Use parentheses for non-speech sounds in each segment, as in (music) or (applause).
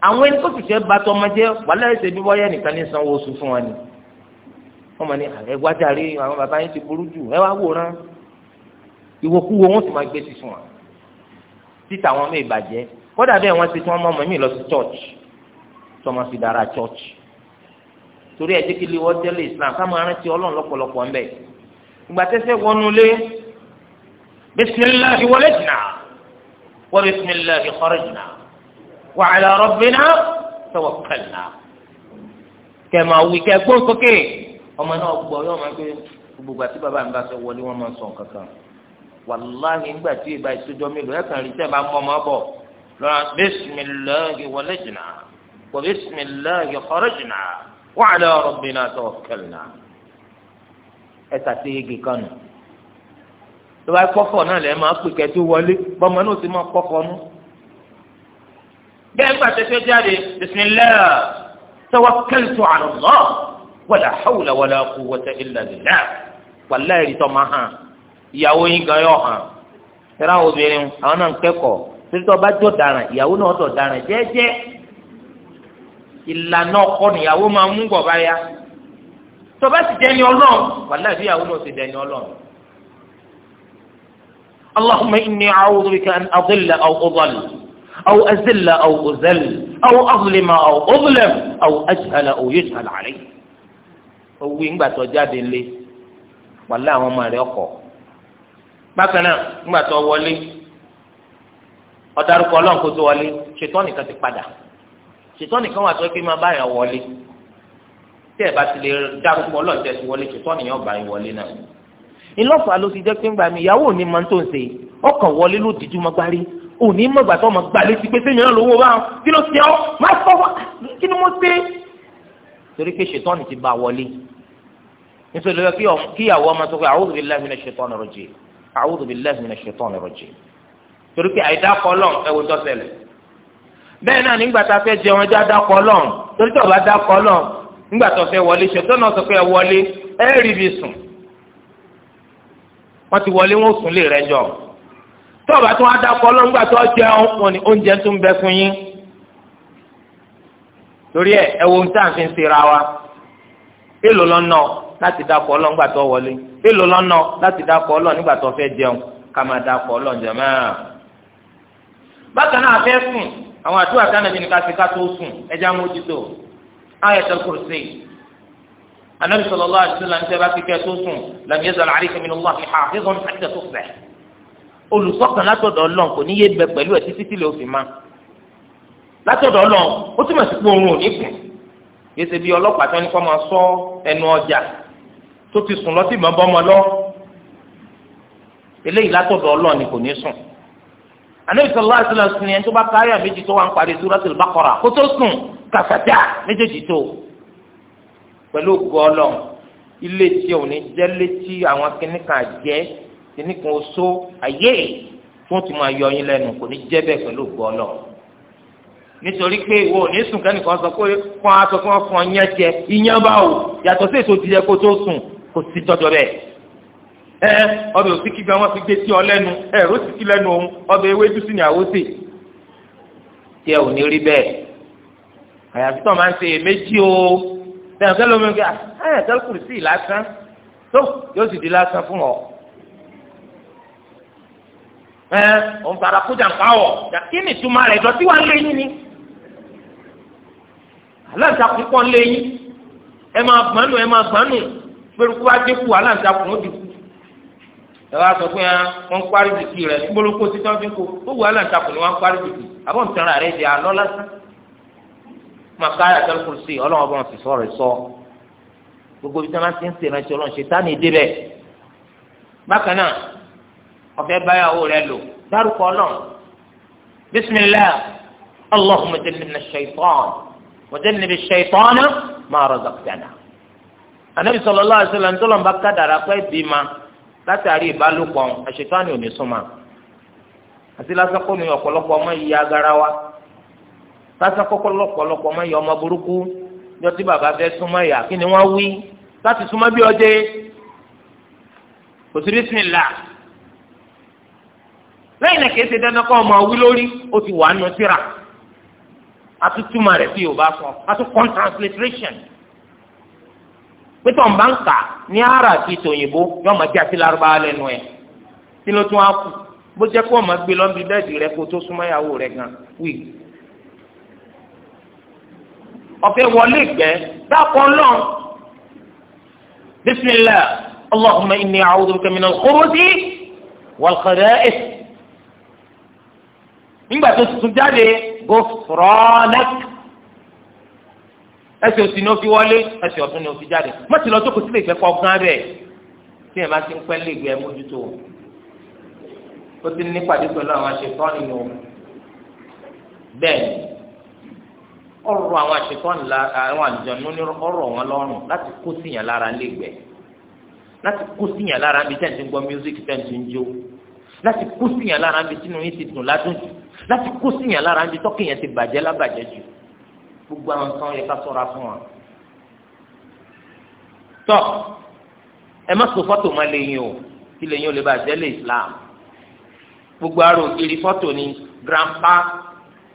àwọn ẹni tó sì fẹ́ ba tọ́ ọmọdé wàhálà ẹsẹ̀ bí wọ́yẹ́ nìkan ní sanwó oṣù fún wọn ni wọ́n mọ̀ ní ẹgbàjáre àwọn bàbá yẹn ti burú jù ẹ wá wòran ìwòkuwò wọn sì máa gbé sí fún wa títà wọn mí ìbàjẹ́ kódà bẹ́ẹ̀ wọ́n ti tí wọ́n mọ̀ mí lọ sí church tó máa fi dára church torí ẹ̀ jẹ́kí lè wọ́n tẹ́lẹ̀ Islam ká máa rántí Ọlọ́run lọ́pọ̀lọpọ̀ ńbẹ̀ ìgbà tẹ́sẹ̀ wọnúlé bisimilahi wọlé jìnnà wọ́n Bismillah kọ́rẹ́ jìnnà. wa ala rabbina tawakkalna kẹ máa wí kẹ gbóhùn sókè ọmọ náà gbọ́ yóò máa gbé gbogbo àti bàbá mi bá fẹ́ wọlé wọn máa ń sọ nǹkan kan wàláhì ńgbà tí ìbá ìsójọ mélòó ẹ wa ala kan nù tó bá kọ́kọ́ náà lẹ́ẹ̀ máa pè kẹ́tó wọlé náà bẹ́ẹ̀ gbà tẹ́tẹ́ jáde bisimilah tawakkaltu ala Allah wala hawla wala quwwata illa billah wàlẹ́ ìrìtọ́ máa hàn ìyàwó yín gan yọ hàn tẹ́lá obìnrin àwọn náà ń kẹ́kọ̀ọ́ títọ́ bá jọ dáràn ìyàwó náà jọ dáràn jẹ́ẹ́jẹ́ ìlànà ọkọ nìyàwó máa mú bọ̀ bá ya tọ́ba ti dẹni ọlọ́run wàlẹ́ ìrìtọ́ ìyàwó náà ti dẹni ọlọ́run. اللهم إني أعوذ بك أن أضل أو أضل أو أذل أو أذل أو أظلم أو أظلم أو أجهل أو يجهل علي owó ìgbà tó jáde lé wàlá àwọn ọmọ rẹ̀ ọkọ bákan náà ìgbà tó wọlé ọdarúkọ Ọlọ́run kó tó wọlé ṣètò nìkan ti padà ṣètò nìkan wà tó pé máa bá yàn wọlé tí ẹ bá ti lè dárúkọ Ọlọ́run tẹ ti wọlé ṣètò nìyàn bá yàn wọlé náà ìlọ́fà ló ti jẹ́ pé ńgbà mi ìyàwó ò ní máa ń tó ń ṣe ọkàn wọlé ló dìjú mọ́gbárí òní mọ̀gbà tó ọmọ gbalẹ̀ ti pé sẹ́yìn náà lówó bá wọn kí ló ṣe ọ́ má fọ́ wá kí ni mo ṣe. torí pé ṣètọ́nì ti bá wọlé nítorí pé kíyàwó ọmọ tó kọ a'udhu billahi minash shaitani rajim a'udhu billahi minash shaitani rajim torí pé àìdákọ lọ ẹwọ tó ṣẹlẹ̀ bẹ́ẹ̀ náà nígbà tá a fẹ́ jẹun ẹjọ́ àdákọ lọ torí tó bá dákọ lọ nígbà tó fẹ́ wọlé ṣètọ́nì sọ pé ẹ wọlé ẹ rí ibi sùn wọ́n ti wọlé wọn tọ́ọ̀bà tó wá dákọ̀ ọlọ́ngbà tó jẹun wọn ni oúnjẹ tó ń bẹ fún yín torí ẹ ẹ wo ohun tá à ń fi ń sera wa èlò lọ́nà láti dákọ̀ ọlọ́ngbà tó wọlé èlò lọ́nà láti dákọ̀ ọlọ́ nígbà tó fẹ́ jẹun ká máa dákọ̀ ọlọ́ jẹ̀mọ́ bákan náà fẹ́ sùn àwọn àdúrà tánàbí ni ká fi ká tó sùn ẹja mójútó Ayatul Kursi Ànábì sallallahu alaihi wasallam ń bá fi kẹ́ tó sùn lam yazal alayka min olùsọ́kàn látọ̀dọ̀ ọlọ́run kò ní yé bẹ pẹ̀lú ẹ̀ títí tílé òfin ma látọ̀dọ̀ ọlọ́run ó túmọ̀ sí pé oorun ò ní kùn yéṣe bí ọlọ́pàá tó ní kọ́ máa sọ ẹnu ọjà tó ti sùn lọ sí ìmọ̀ bọ́mọ lọ eléyìí látọ̀dọ̀ ọlọ́run ni kò ní sùn anabi sọlá àtúnlá sùn yẹn tó bá káyà méjì tó wà ń parí suratul Baqara kó tó sùn kàfàtà méjèèjì tó pẹ̀lú gọ́ọ̀lọ́ ilé tí òun ní jẹ́ létí àwọn kìnnìkan jẹ́ kìnnì kan oṣó ayé fún ti máa yọ yín lẹ́nu kò ní jẹ́ bẹ́ẹ̀ pẹ̀lú gbọlọ nítorí pé ìwọ ò ní sùn kẹ́nìkan sọ pé fún aṣọ fún ọkàn yẹn jẹ ìyẹn bá wò yàtọ̀ sí èso ti yẹ kó tó sùn kò sí tọ́jọ́ bẹ́ẹ̀ ẹ ọbẹ̀ òsìkí gan wọn fi gbé sí ọ lẹ́nu ẹ rọ́ọ̀sìkí lẹ́nu òun ọbẹ̀ ewédú sí ni àwòsè tí ẹ ò ní rí bẹ́ẹ̀ àyàfi tó máa ń ṣe èméjì o bẹ́ẹ̀ ọ̀gá lómi ń gbé àyàtọ̀ ah, kùrìsì lásán tó yóò sì di lásán fún ọ ẹ òun fara kó jàǹkà wọ̀ kí ni ìtumọ̀ rẹ̀ ìdọ̀tí wà lẹ́yìn ni aláǹtakùn pọ̀ lẹ́yìn ẹ máa gbọ́nù ẹ máa gbọ́nù pẹ̀lú wá dínkù aláǹtakùn ó dínkù ẹ wá sọ pé wọ́n ń parí bìkì rẹ̀ gbólókó sí tán dínkù ó wù aláǹtakùn ni wọ́n ń parí bìkì àbọ̀ ń tẹ̀ra rẹ̀ di alọ́ lásán màkàrà tẹ́lifù sí ọlọ́wọ́n bọ́n sì sọ̀rọ̀ sọ gbogbo ibi tí ti ń sèrànṣẹ́ ọlọ́run ṣe tá ọ̀fẹ́ báyàwó rẹ lò dárúkọ náà bisimilah allahumma jannibna shaitan wa jannibi shaitana ma razaqtana anabi sallallahu alaihi wasallam ntọ́lọ́ nba kádàrà pé bímá látàrí ìbálòpọ̀ àṣetánì òní súnmọ́ àti lásàkó ni ọ̀pọ̀lọpọ̀ ọmọ yìí agara wa lásàkó ọ̀pọ̀lọpọ̀ ọmọ yìí ọmọ burúkú yọ tí bàbá fẹ́ súnmọ́ yà kí ni wọ́n wí láti súnmọ́ bí ọdẹ kò sí lẹ́yìn náà kìí ṣe dandan kọ́ ọmọ wí lórí ó ti wà nù síra atútùmọ̀ rẹ̀ tí yorùbá sọ atúkọ́ transliteration pété ọ̀nba ń kà ní ara àti tòyìnbó yóò máa jẹ́ àti lárúbáwá lẹ́nu ẹ̀ tí ló tún á kù bó jẹ́ kó ọmọ gbé lọ́nbi bẹ́ẹ̀dì rẹ kó tó súnmọ́ rẹ gan wí. ọ̀fẹ́ wọlé gbẹ́ dákọ̀ lọ́n bisimilá allahumma inni a'udhu bika minal khubuthi wal khaba'ith nígbà tó tuntun jáde gòfrọ́nẹ́k ẹsẹ̀ òsì ni ó fi wọlé ẹsẹ̀ ọ̀tún ni ó fi jáde mọ́tì lọ sókòtì lè fẹ́ kọ́ gán bẹ́ẹ̀ tí ẹ̀ bá ti ń pẹ́ lè gbé ẹ ó ti ní pàdé pẹ̀lú àwọn àṣetọ́ni nù bẹ́ẹ̀ ọ̀rọ̀ àwọn àṣetọ́ni la àwọn àlùjọ̀nú ní ọ̀rọ̀ wọn lọ́rùn láti kó síyàn lára lẹ́gbẹ̀ẹ́ láti kó síyàn lára bí tẹ́ǹtì ń gbọ́ mísíkì tẹ́ǹtì ń jó láti kó síyàn lára bí tínú láti kó síyàn lára ń di tọ́kì yẹn ti bàjẹ́ lábàjẹ́ jù gbogbo àwọn nǹkan yẹ ká sọ́ra fún wa. tọ́ ẹ má so fọ́tò má lè yín o kí lè yín o lè bàjẹ́ lè Islam gbogbo àrò ògiri fọ́tò ni grandpa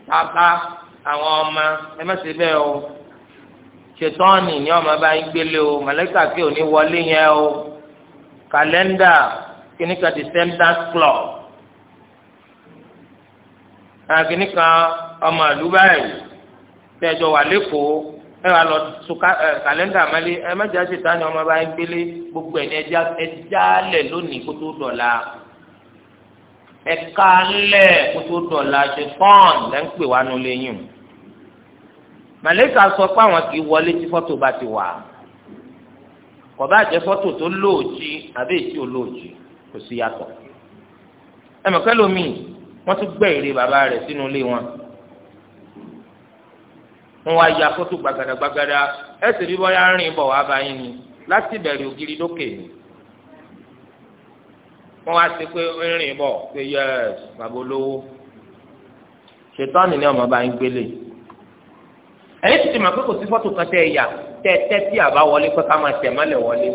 papa àwọn ọmọ ẹ má ṣe bẹ́ẹ̀ o ṣètọ́ọ̀nì ni ọmọ bá ń gbélé o màlẹ́kà kí ò ní wọlé yẹn o kàlẹ́ndà kìnnìkan December club àgbẹ̀ni kan ọmọ ìlú báyìí tẹ́jọ wà lẹ́kọ̀ọ́ ẹ wà lọ tún kàlẹ́ndà mẹ́lẹ́ ẹ mẹ́jọ àti ìtaní ọmọ bá ń gbélé gbogbo ẹ̀ ní ẹja lẹ̀ lónìí kó tó dọ̀la ẹ̀ka lẹ̀ kó tó dọ̀la ṣe fọ́ọ̀n lẹ́ ń pè wá nu lẹ́yìn màlẹ́kà sọ pé àwọn kì í wọlé tí fọ́tò bá ti wà kò bá jẹ́ fọ́tò tó lóòjì àbí èyí tí ò lóòjì kò sí yàtọ̀ ẹ mọ̀ kẹ́lómi wọ́n tún gbẹ́ ère bàbá rẹ̀ sínú ilé wọn wọ́n wá ya fótó gbàgàdàgbàgàdà ẹsẹ̀ bíbọ́ yá rìn bọ̀ wá báyìí ni láti bẹ̀rẹ̀ ògiri lókè ni wọ́n wá sí pé rìn bọ̀ pé yẹ́s bàbá olówó ṣètọ́nì ni ọmọ bá ń gbélé ẹ̀yìn ti ti mọ̀ pé kò sí fọ́tò kan tẹ́ ẹ yà tẹ́ tẹ́ tí àbá wọlé pé ká máa tẹ̀ mọ́lẹ̀ wọlé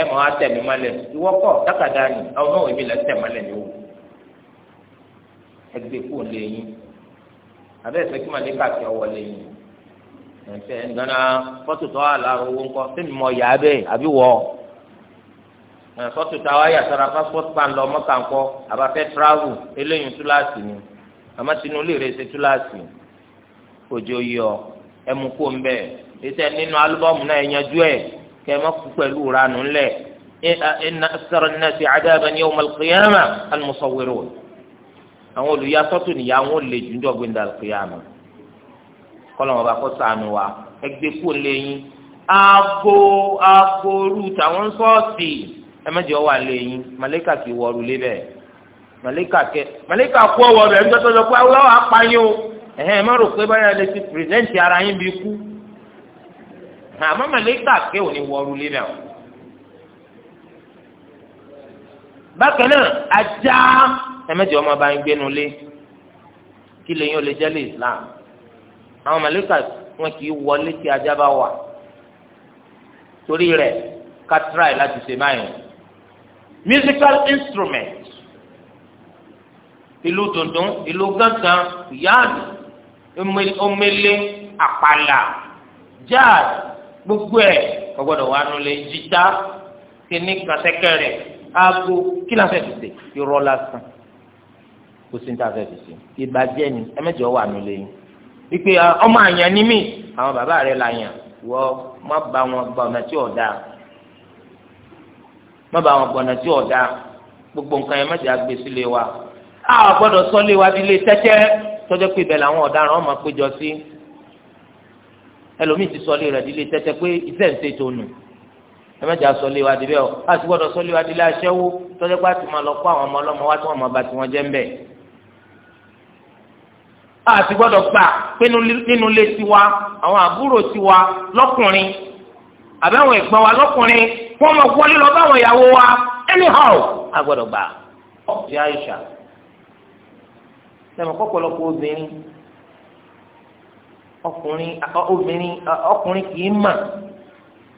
ẹ máa tẹ̀ mí mọ́lẹ̀ ìwọ́kọ̀ dákàdá ni ọmọ òwe mi mọ́lẹ̀ ni wò ẹgbẹ́ kó lé yín abẹ́ ìfẹ́ kí màlíkà fi ọwọ́ lé yín ẹ̀fẹ́ ńgànà fọ́tò tó wà lára owó ńkọ́ sẹ́mi mọ̀ yá bẹ́ẹ̀ àbí wọ́ fọ́tò tó wà yà sọ́ra passport pan lọ mọ́kà ńkọ́ àbáfẹ́ travel eléyìí túláàsì ni àmọ́ tinúlé rẹ̀ ṣe túláàsì òjò yọ ẹmu kó ń bẹ̀ ètò nínú álúbọ̀mù náà ẹ̀yànjú ẹ̀ kẹ́ ẹ kú pẹ̀lú ranú ńlẹ̀ ẹ̀ ẹ̀ ẹ̀ sọ̀rọ̀ náà ti àdáàbẹ̀ ní ọmọ àwọn olùyàsọ́tò nìyà wọn lè jù ńjọ́ gbẹ̀ndà kìyàmù kọ́lọ́mù ọba kó sànù wa ẹgbẹ́ kó lẹ́yìn aago aago rú tàwọn sọ́ọ̀sì ẹ wà lẹ́yìn màlẹ́kà kì í wọ̀rù lébẹ̀ màlẹ́kà kẹ màlẹ́kà kó wọ̀ bẹ̀ ńjọ́ tó lọ pé pa yín o ẹ má rò pé báyà lè ti ara yín bí kú àmọ́ màlẹ́kà kẹ ò ní o bákan náà ajá ẹmẹjọ ọmọ bá ń gbénu lé kí lẹ́yìn ó lè jẹ lé islam àwọn mẹlẹka wọn kì í wọlé tí ajá bá wà torí rẹ̀ ká try láti ṣe báyìí musical instrument ìlú dundun ìlú gángan yáàdù omele àpàlà jazz gbogbo ẹ ọgbọdọ wà nulẹ jita kíní kàtẹkẹrẹ aago kí la fẹẹ fi ṣe lásán kó sí ní tá a fẹ́ fi sí ìbàjẹ́ ni ẹ̀mẹ́jọ wà nílé yín wípé ah, ọmọ àyàn ni mí àwọn bàbá rẹ̀ là yàn wọ́ má bá wọn gba ọ̀nà tí ọ̀dà má bá wọn gba ọ̀nà tí ọ̀dà gbogbo nǹkan yẹn mẹ́jọ àgbè sílé wa a gbọ́dọ̀ sọ́lé wa bí ilé tẹ́tẹ́ tọ́jọ́ pé ibẹ̀ làwọn ọ̀daràn ọmọ péjọ sí ẹlòmíì ti sọ́lé rẹ̀ bí ilé tẹ́tẹ́ pé iṣẹ́ ń ṣe tónù ẹmẹjọ asọlẹ wa di bẹ ọ a ti gbọ́dọ̀ sọlẹ wa di lẹ aṣẹwo tọjọ pé a ti máa lọ kó àwọn ọmọ ọlọmọ wa tí wọn máa ba tiwọn jẹ ń bẹ àti gbọ́dọ̀ gbà pé nínú ilé tiwa àwọn àbúrò tiwa lọ́kùnrin àbí àwọn ẹ̀gbọ́n wa lọ́kùnrin wọ́n mọ̀ wọlé lọ bá àwọn ìyàwó wa anyhow àgbọ́dọ̀ gbà. ọ̀sẹ̀ àyíṣà sẹ́mi kọ́pọ̀lọpọ̀ obìnrin ọkùnrin obìnrin ọkùnrin kì í mà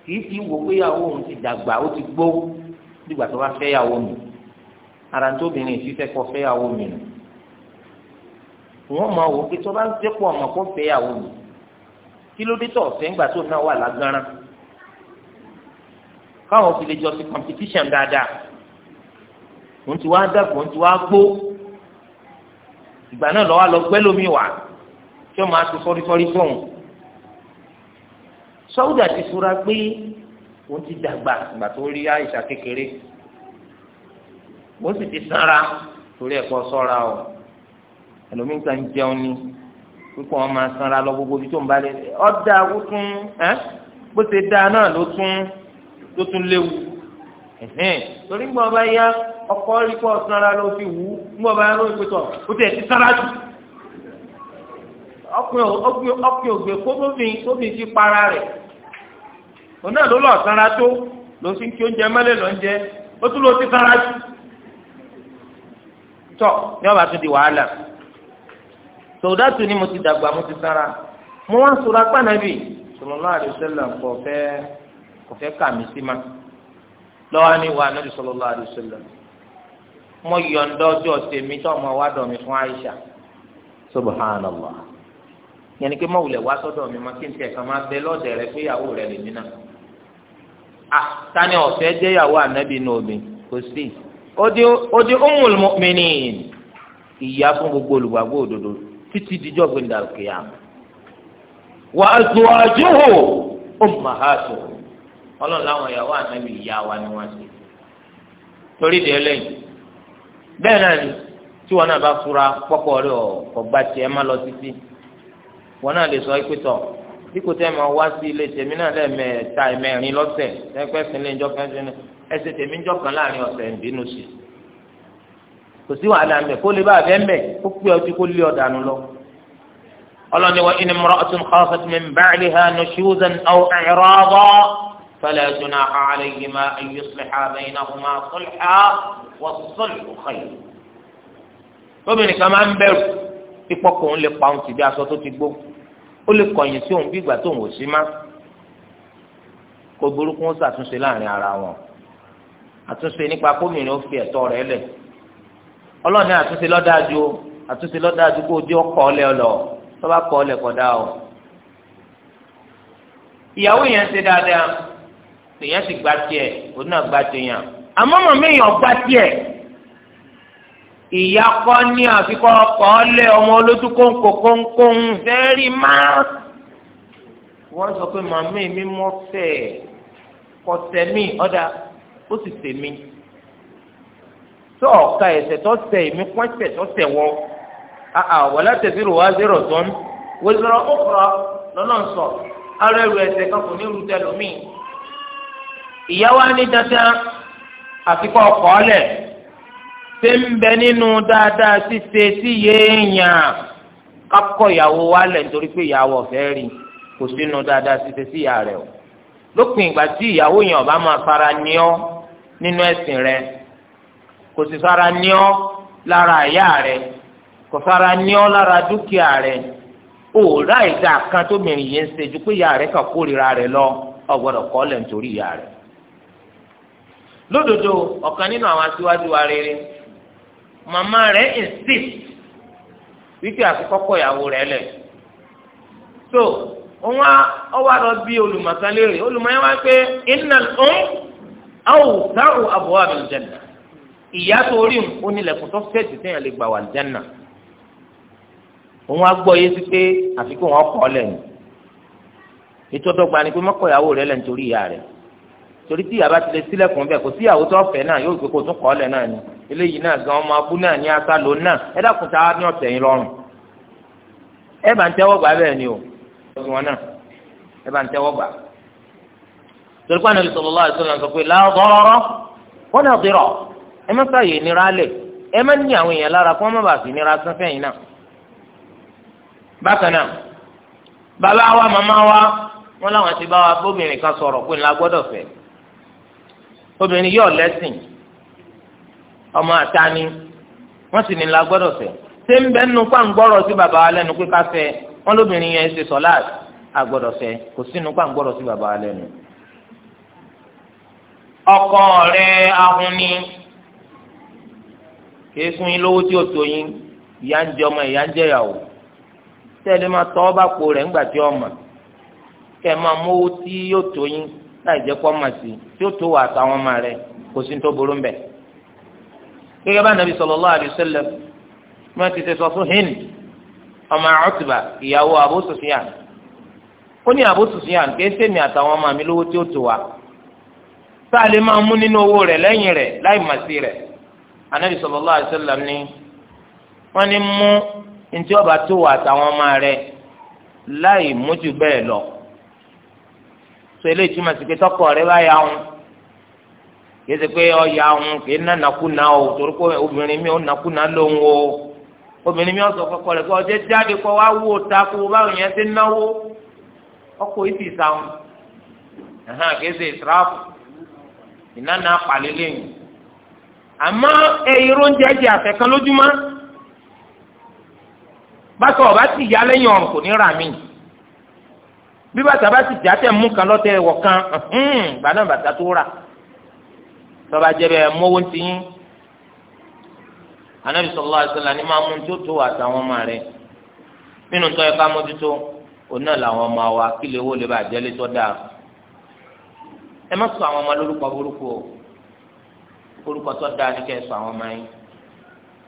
kì í ti wò pé ìyàwó òun ti dàgbà ó ti gbó nígbà tó bá fẹ́ ìyàwó mi ara tó obìnrin ìfífẹ́ kọ fẹ́ ìyàwó mi nù wọ́n máa wò ó pé tó bá ń dépò ọmọ kó fẹ́ yàwó mi kí ló dé tó ọ̀fẹ́ ńgbà tó náà wà lágbára káwọn fi lè jọ sí competition dáadáa òun ti wá dàgbò òun ti wá gbó ìgbà náà lọ́wọ́ lọ gbẹ́ lómi wà tí ó máa tu sọ́rísọ́rí fóun sọ́wọ́dà ti fura pé òun ti dàgbà ìgbà tó rí àìsà kékeré òun sì ti sanra torí ẹ̀kọ́ sọ́ra o ẹlòmíín kan jẹun ni pípọ̀ wọn máa sanra lọ gbogbo ibi tó ń balẹ̀ ọ̀dà ó tún ẹ́ bó ṣe dáa náà ló tún ló tún léwu torí gbọ́n bá yá ọkọ rí pọ̀ sanra ló fi wú gbọ́n bá yá ló ń pè tọ̀ ó tẹ̀ ti sanra jù ọkùnrin ògbè kó tófin tófin ti para rẹ̀ òun náà ló lọ sanra tó ló fi ń kí oúnjẹ mẹ́lẹ̀ lọ́ jẹ ó tún lọ ti sanra jù tọ̀ ní ọba tún di wàhálà. sọdátù ni mo ti dàgbà mo ti sára mo wá sọ̀rọ̀ apá nàbì sallallahu kò fẹ́ kò fẹ́ kà mí sí ma ni wà nàbì sallallahu alaihi mo tèmi tó ọmọ wa fún Aisha subhanallah yẹnni pé mọ̀wulẹ̀ wá sọ́dọ̀ mi máa kí n tẹ̀ kàn ma bẹ lọ́dẹ̀ rẹ pé ìyàwó rẹ lèmi náà ah tani ọ̀fẹ́ jẹ́ ìyàwó ànábì náà kò gbogbo olùgbàgbọ́ òdodo títí dijọ́ gbẹ̀ndà òkèèyà wà á tó àjò hò ó mà á tó ọlọ́run láwọn ìyàwó ànábì ìyá wa ni wọ́n ṣe torí di ẹlẹ́yìn bẹ́ẹ̀ náà ni tí wọn náà bá fura pọ́pọ́ rẹ̀ ọ̀gbà tiẹ̀ má lọ títí wọn náà le sọ pé tọ̀ bí kò tẹ́ ma wá sí ilé tèmi náà lẹ́ẹ̀mẹ́ta ẹ̀mẹ́rin lọ́sẹ̀ ẹgbẹ́ sílé ìjọ kan ẹsẹ̀ tèmi ìjọ kan láàrin ọ̀sẹ̀ ìbínú sí kò sí wàhálà ń bẹ kó lè bá abẹ ń bẹ kó pé ọtí kó lé ọdànù lọ. ọlọ́ni wa in imra'atun khafat min ba'liha nushuzan aw i'radan fala junaha alayhima an yusliha baynahuma sulhan was-sulhu khayr. lóbìnrin kan máa ń bẹ̀rù ìpọkùn lè pa òun ti bí aṣọ tó ti gbó ó lè kọ̀yìn sí òun bí ìgbà tó òun ò sí má kó burúkú ó ṣàtúnṣe láàrin ara wọn àtúnṣe nípa kómìnrin ó fi ẹ̀tọ́ rẹ̀ lẹ̀ ọlọ́run ní àtúnṣe lọ́dáàjú àtúnṣe lọ́dáàjú kó o jẹ́ ọkọ̀ ọ̀lẹ́ ọlọ tó bá kọ̀ ọ̀lẹ́ kọ̀dá o. ìyàwó yẹn ṣe dáadáa tèèyàn sì gba tiẹ̀ òun náà gba tèèyàn àmọ́ màmí èèyàn gba tiẹ̀ ìyá kọ́ ní àfikọ́ ọkọ̀ ọ̀lẹ́ ọmọ olójú kóńkó kóńkó ń fẹ́ẹ́rì má. wọ́n sọ pé màmí mi mọ́ fẹ́ẹ̀ kọ́tẹ́ mi ọ̀dà ó sì tèmi tó ọ̀ka ẹ̀ṣẹ̀ tó ṣẹ̀ èmi kún ẹ̀ṣẹ̀ tó ṣẹ̀ wọ́ àà wala taziru waziratun wizra ukhra lọ́nà sọ ara ẹrù ẹ̀ṣẹ̀ kan kò ní irú tẹ lómi. ìyá wa ní dandan àfikọ́ ọkọ̀ ọ̀lẹ̀ ṣé ń bẹ nínú dáadáa ṣíṣe sí yéèyàn kákọ̀ ìyàwó wa lẹ̀ nítorí pé ìyàwó ọ̀fẹ́ rí kò sínú dáadáa ṣíṣe sí ìyá rẹ̀ o lópin ìgbà tí ìyàwó yẹn ọba kò sì fara ní lára àyà rẹ kò fara ní lára dúkìá rẹ ó rà ìdá kan tó mìíràn yẹn ń ṣe pé ìyá rẹ kà kórìíra rẹ lọ ọgbọ́dọ̀ kọ lẹ nítorí ìyá rẹ lódodo ọ̀kan nínú àwọn aṣíwájú wa rere màmá rẹ insist wípé ìyàwó rẹ lẹ so wọn bí olùmọ̀ yẹn wá pé ìyá tó rí òun ó nílẹ̀kùn tó fẹ́ẹ̀tì téèyàn lè gbà wà lìjánà òun á gbọ́ yé sí pé àfi kó wọn kọ́ lẹ́yìn ètò ọ̀dọ́gba ni pé mọ́kọ́ ìyàwó rẹ lẹ́yìn torí ìyá rẹ torí tí ìyá bá ti lè sílẹ̀kùn bẹ́ẹ̀ kò sí ìyàwó tó fẹ́ náà yóò gbé kó tún kọ́ lẹ̀ náà ni eléyìí náà gan ọmọ abú náà ní asálò náà ẹ dákun tá a ní ọ̀tẹ̀ yín lọ́rùn ẹ bá ń tẹ́wọ́ gbà bẹ́ẹ̀ ni o ẹ bá ń tẹ́wọ́ gbà torí pé Ànábì sallallahu alaihi wasallam sọ pé la darara wala dirar ẹ má sàyè nira lẹ̀ ẹ má ní àwọn èèyàn lára kó nira sán fẹ́yìn náà. bákan náà bàbá wa màmá wa wọn làwọn ti bá wa bóbìnrin kan nla pé ńlá obìnrin yóò lẹ́sìn ọmọ àtàní wọn sì ní ńlá gbọ́dọ̀ fẹ́ ṣé ń bẹ́ẹ̀ nínú pàǹgbọ́rọ̀ sí bàbá wa pé ká wọn lóbìnrin yẹn ṣe kò sínú ọkọ rẹ ahun ni kìí fún yín lówó tí o tó yín ìyá ń jẹ ọmọ ìyá ń jẹ ìyàwó tẹ́lẹ̀ máa tọ́ po rẹ̀ ńgbà tí ọmọ kẹ́ ẹ máa mówó tí yóò tó yín láì jẹ́ kó sí tí ó tó wà àtàwọn ọmọ rẹ̀ kò sí tó burú gẹ́gẹ́ bá nàbí ti ti sọ fún ọmọ ìyàwó ó ní àtàwọn ọmọ mi lówó tí ó tó lè máa mú nínú owó rẹ̀ anabi sallallahu alaihi wasallam ni wọ́n ní mú ntí ọba tó wà àtàwọn ọmọ rẹ̀ láì mójú bẹ́ẹ̀ lọ so eléyìí túmọ̀ sí pé tọkọ bá yà ń kìí ṣe pé ọ̀yà ń kìí nànàkúnà o torí pé obìnrin mi ò nàkúnà lóhùn o obìnrin mi jáde wá báwo yẹn ti náwó yìí ti ìsirafu àmọ́ ẹyin oúnjẹ jẹ àfẹ́kan lójúmọ́ bàtà ọba ti yá lẹ́yìn ọ̀rùn kò ní ra mi bí bàtà bá ti já tẹ̀ mú kan lọ́tẹ̀ ẹ̀wọ̀ kan gbàdán bàtà tó rà tọ́ba jẹ́ bẹ́ẹ̀ mọ́wó ti yín anabi sọlọ àṣẹlá ni máa mú tó tó àtàwọn ọmọ rẹ nínú tó yẹ ká mójútó òun náà làwọn ọmọ wa kí lè wó lè bàjẹ́ lé tó dáa ẹ má sọ àwọn ọmọ lórúkọ burúkú o orúkọ tó dáa ní kẹsàn àwọn ọmọ yín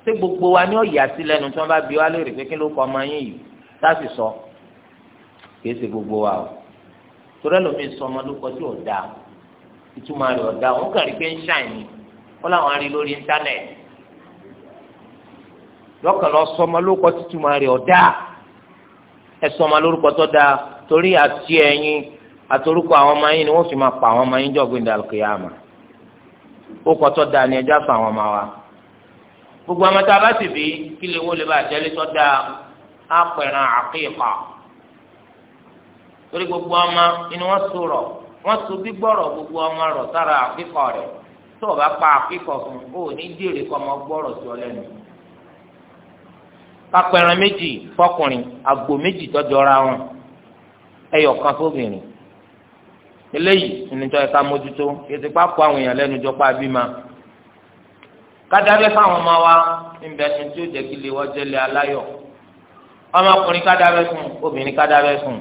ṣé gbogbo wa ní ọ̀yà sí lẹ́nu tí wọ́n bá bi wá lórí pé kí ló kọ ọmọ yín yìí láti sọ kìí ṣe gbogbo wa o torí ẹlòmíín sọ ọmọ lórúkọ tí ò dáa ìtumọ̀ rẹ̀ ò dáa òun kàn rí pé ń ṣàn ní wọ́n làwọn arí lórí íńtánẹ̀tì lọ́kàn lọ sọmọ lórúkọ títúmọ̀ rẹ̀ ò dáa ẹ sọmọ lórúkọ tó dáa torí àti ẹ̀yin àtorúkọ àwọn ọmọ yín ni wọ́n fi máa pa àwọn ọmọ yín jọ̀gbìn dàlùkìyàmà. ó kọ́tọ́ da ni ẹja fún ọmọ wa gbogbo àwọn tá a bá sì bí kí lè wọ́n lè bá àjẹlé tó da á gbogbo ọmọ inú wọn wọn sọ gbígbọ́rọ̀ gbogbo ọmọ rọ̀ sára àkíkà rẹ̀ tó o bá pa fún o ní ọmọ sí ọ méjì fọkùnrin méjì wọn ẹyọ kan fóbìnrin eléyìí nìjọ ẹ̀ka mójútó ètò ìpá kó àwọn èèyàn lẹ́nu jọpá bímọ kádàbẹ fáwọn ọmọ wa níbẹ̀ ni tí ó jẹ́ kí lè wọ́n jẹ́lẹ̀ aláyọ̀ ọmọkùnrin kádàbẹ fún obìnrin kádàbẹ fún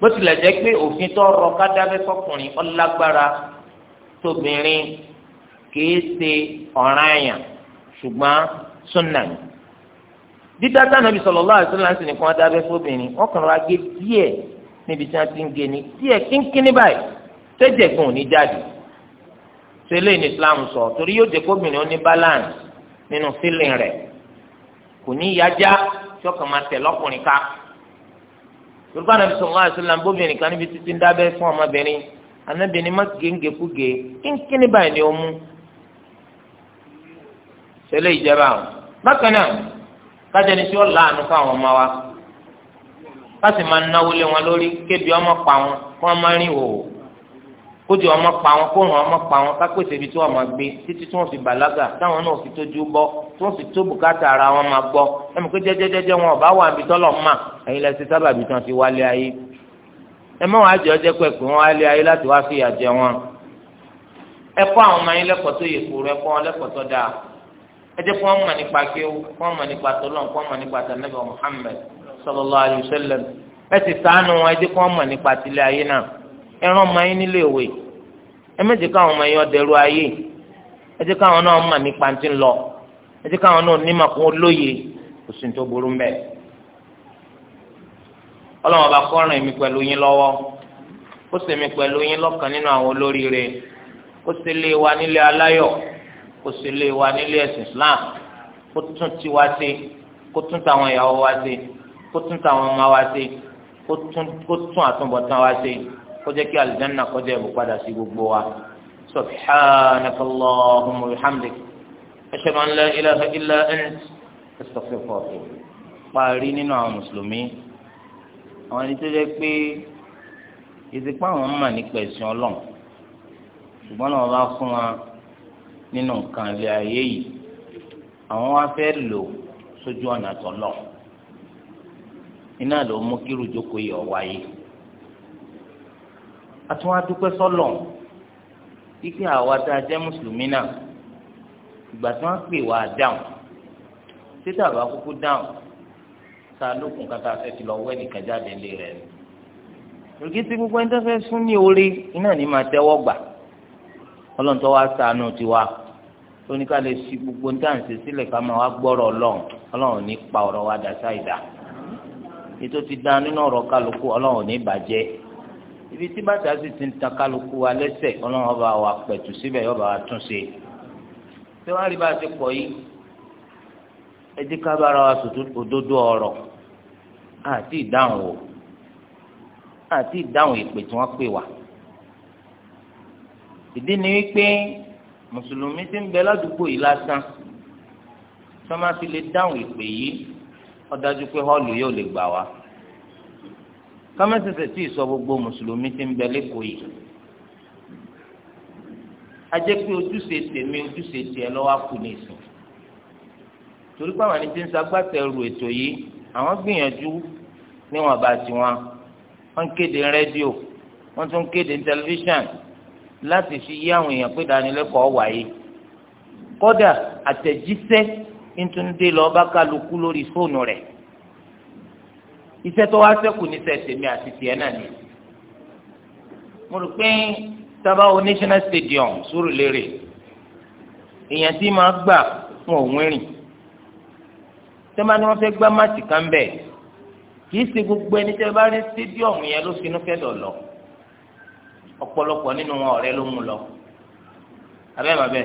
bó tilẹ̀ jẹ́ pé òfin tó rọ kádàbẹ fọkùnrin ọlágbára tóbìnrin kìí ṣe ọ̀ràn àyàn ṣùgbọ́n súnà ni dídá tánàbí sallallahu alaihi wasallam nìkan dábẹ́ níbi tí wọ́n ti ń gé ni díẹ̀ kínkínní báyìí tẹ́jẹ̀gùn ò ní jáde ṣe lé ní Islam sọ torí yóò jẹ́ kóbìnrin ó ní balance nínú feeling rẹ̀ kò ní yájá tí ọkàn máa tẹ̀ lọ́kùnrin ká yorùbá náà sọ wọn àṣìlá bóbìnrin kan níbi títí ń dábẹ́ fún ọmọbìnrin anábìnrin má géńgékúgé kínkínní báyìí ni ó mú ṣe lé ìjẹba bákan náà kájẹni tí ó láàánú fún àwọn ọmọ wa láti máa náwó lé wọn lórí kébi ọmọ pa wọn kó wọn máa rìn òwò kójú ọmọ pa wọn kó hàn ọmọ pa wọn kápèsè ibi tí wọn máa gbé títí tí wọn fi bàlágà táwọn náà fi tójú bọ tí wọn fi tó bùkátà ara wọn máa gbọ́ ẹmu pé jẹjẹjẹjẹ wọn ọba wà níbi tọlọ mà ẹyin lẹsẹ sábà bí tán ti wálé ayé ẹ mọ wọn àjẹ ọjẹ pẹ pé wọn wálé ayé láti wá fìyà jẹ wọn ẹ kọ́ àwọn ọmọ yín lẹ́kọ̀ọ́ tó yẹ Muhammad sallallahu alayhi wa sallam ẹ sì ṣàánú wọn ẹ jẹ́ kí wọ́n mọ̀ nípa tilẹ̀ ayé náà ẹ rán ọmọ yín nílé ìwé ẹ má jẹ́ káwọn ọmọ yín ọdẹrú ayé ẹ jẹ́ káwọn náà mọ̀ nípa ti ń lọ ẹ jẹ́ káwọn náà onímọ̀ kún olóye kò sí tó burú mbẹ. ọlọ́wọ́n bá kọ́ ràn mí pẹ̀lú yín lọ́wọ́ kó ṣe mí pẹ̀lú yín lọ́kàn nínú àwọn olóríire kó ṣe lé wa nílé aláyọ̀ kó ṣe lé wa nílé ẹ̀sìn Islam kó tún tiwa ṣe kó tún tàwọn ìyàwó wa ṣe kó tún táwọn ọmọ wa ṣe kó tún àtúbọ̀tán wa ṣe kó jẹ́ kí alìjánná kó jẹ́ ìbùpadà sí gbogbo wa subhanaka allahumma wa bihamdik ashhadu an la ilaha illa ant astaghfiruka wa atubu parí nínú àwọn mùsùlùmí àwọn ẹni tó jẹ́ pé ìsìnkú àwọn mọ̀ nípa ẹ̀sìn ọlọ́run ṣùgbọ́n náà wọ́n bá fún wa nínú nǹkan ilé ayé yìí àwọn wá fẹ́ lò sójú ọ̀nà tọ̀lọ́run iná ló mú kí rújókòó yìí ọ̀wáyé àtúnwá dúpẹ́ sọ́lọ̀ ike àwa tá a jẹ́ mùsùlùmí náà ìgbà tí wọ́n pè wá dáhùn títà bá kúkú dáhùn ta lókun kata fẹ́ ti lọ wẹ́ nìkan jáde lé rẹ̀ ni lókè tí gbogbo ẹni tó fẹ́ sún ní orí iná ní máa tẹ́wọ́ gbà ọlọ́ntọ́ wa ṣàánú tiwa tóníkà lè ṣi gbogbo ní tàǹsí sílẹ̀ ká máa wá gbọ́rọ̀ ọlọ́run ọlọ́run ní pa ọ̀rọ̀ wa dà sáìdá ètò ti dán nínú ọ̀rọ̀ kálukú ọlọ́run ní ìbàjẹ́ ibi tí bàtà sì ti ń tan kálukú wa lẹ́sẹ̀ ọlọ́run ọba wa pẹ̀tù síbẹ̀ yọba wa tún ṣe tí wọ́n rí bá ti pọ̀ yìí ẹ jẹ́ ká bára wa sòtú òdodo ọ̀rọ̀ àti ìdáhùn o àti ìdáhùn ìpè tí wọ́n pè wá ìdí ni wípé mùsùlùmí ti ń bẹ ládùúgbò yìí lásán tí wọ́n máa fi lè dáhùn ìpè yìí ó dájú pé họ́ọ̀lù yóò lè gbà wá kámẹ́sẹ̀sẹ̀ tí ì sọ gbogbo mùsùlùmí ti ń bẹ lẹ́kọ̀ọ́ yìí ajẹ́ pé ojúṣe tèmi ojúṣe tiẹ̀ lọ́wọ́ kù ní ìsìn torí pé àwọn ẹni tí ń ṣagbátẹrù ètò yìí àwọn gbìyànjú níwọ̀n bá tiwọn wọ́n ń kéde rédíò wọ́n tún ń kéde tẹlifíṣàn láti fi yí àwọn èèyàn pé ìdánilẹ́kọ̀ọ́ wáyé kódà àtẹ̀jíṣẹ́ ntúndé lọ bá kálukú lórí fóònù rẹ̀ iṣẹ́ tó wá ṣẹ́kù níṣẹ́ tèmi àti tiẹ̀ náà ni mo rò pé sábàá national stadium Sùúrùlérè èèyàn tí máa gbà fún òun rìn tẹ́lẹ̀ máa ní wọ́n fẹ́ gbá máàtì kan bẹ̀ kì í ṣe gbogbo ẹni tẹ́lẹ̀ bá rí stadium yẹn ló finú fẹ́ dọ̀ lọ ọ̀pọ̀lọpọ̀ nínú wọn ọ̀rẹ́ ló mú lọ abẹ́ bàbẹ́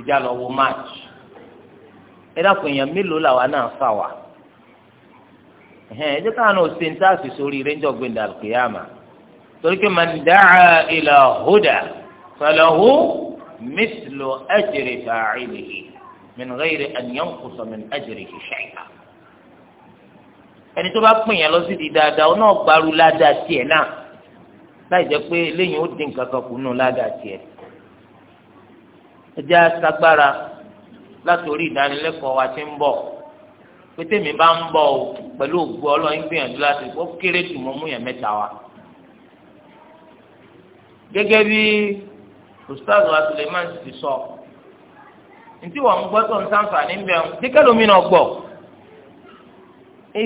ìjà lọ wo match ẹ dákun èèyàn mélòó làwa náà fà wá ẹ jẹ́ káwọn náà ṣe ń tá àfi sórí rẹ́ńjọ́ gbẹ̀ndà kìyàmà torí pé man da'a ila huda falahu mithlu ajri fa'ilihi min ghairi an yanqusa min ajrihi shay'a ẹni tó bá pín yẹn lọ sí di dáadáa ọ náà gbaru ládàá tiẹ̀ náà láì jẹ́ pé eléyìí ó dín kankan kù ládàá tiẹ̀ ẹ jẹ́ aṣagbára látòrí ìdánilẹ́kọ̀ọ́ wa ti ń bọ̀ pété mi bá ń bọ̀ o pẹ̀lú ògbó ọlọ́yin gbìyànjú láti ó kéré tù mọ́ mú yẹn mẹ́ta wa. gẹ́gẹ́ bí ustaz wa Suleiman ti sọ ntí wọn ń gbọ́ tó ń sàǹfààní ń bẹ̀ ń tí náà gbọ́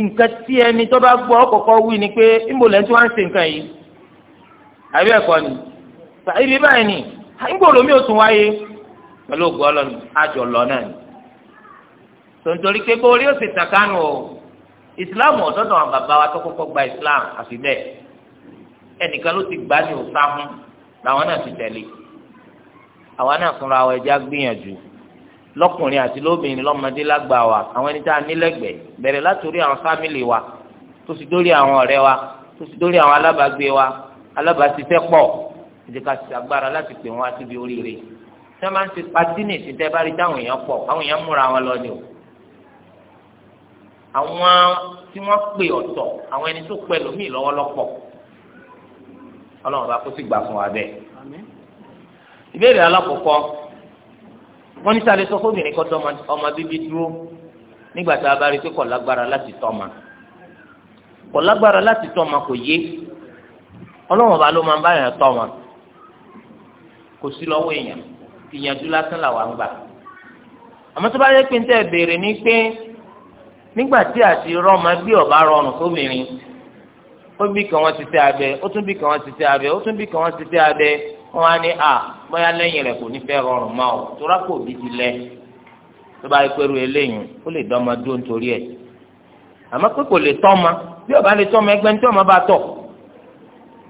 nǹkan tí ẹni tó bá gbọ́ kọ́kọ́ wí ni pé ńbò lẹ́ńtí wá ń ṣe nǹkan yìí àbí ẹ̀kọ́ ni ibi báyìí ni ńgbò lómi ò tún wáyé pẹ̀lú ògùn ọlọ́ni àjọ lọ náà ni. tòǹtòrí pé bó orí òsè tàkánù o ìsìláàmù ọ̀dọ́dọ̀ àwọn bàbá wa tó kọ́kọ́ gba ìsìláàmù àfi bẹ́ẹ̀ ẹnìkan ló ti gbá ní òsáhùn làwọn náà ti tẹ̀lé àwa náà fúnra wa ẹja gbìyànjú lọ́kùnrin àti lóbìnrin lọ́mọdé lágbà wa àwọn ẹni tá a nílẹ̀gbẹ̀ẹ́ bẹ̀rẹ̀ látòrí àwọn fámìlì wa tó sì dórí àwọn ọ̀rẹ́ wa tó sì dórí àwọn alábàágbé wa alábàáṣiṣẹ́ pọ̀ ìdíkà sí agbára láti pè wọ́n á síbi oríire tẹ́ máa ń ti patí ní ìsìntẹ́ bá rí táwọn èèyàn pọ̀ àwọn èèyàn múra wọn lọ ni o àwọn tí wọ́n pè ọ̀tọ̀ àwọn ẹni tó pẹ́ lómi lọ́wọ́lọ́pọ̀ ọlọ́run bá kó sì gbà fún wa bẹ́ẹ̀. ìbéèrè alákọ̀ọ́kọ́ wọ́n ní sáré sọ fóbìnrin kọ́ tọ́ ọmọ bíbí dúró nígbà tá a bá rí pé kò lágbára láti tọ́ ọmọ kò lágbára láti tọ́ ọmọ kò yé ọlọ́run bá ló máa ń bá èèyàn tọ́ ọmọ kò sí lọ́wọ́ èèyàn ìyànjú lásán làwa ń gbà àmọ́ tó bá yẹ pé ń tẹ́ béèrè ní pé nígbà tí àti rọ́ọ̀mà bí ọ̀bá rọrùn sómìnrin ó bí kan wọ́n ti tẹ́ abẹ ó tún bí kan wọ́n ti tẹ́ abẹ ó tún bí kan wọ́n ti tẹ́ abẹ wọ́n á ní à bóyá lẹ́yìn rẹ̀ kò ní fẹ́ rọrùn mọ́ ọ tóra kò bí ti lẹ tó bá yẹ pé ru eléyìí ó lè dán ọmọ dúró nítorí ẹ̀ àmọ́ pé kò lè tọ́ ọmọ bí ọba lè tọ́ ọmọ ẹgbẹ́ ní tí ọmọ bá tọ̀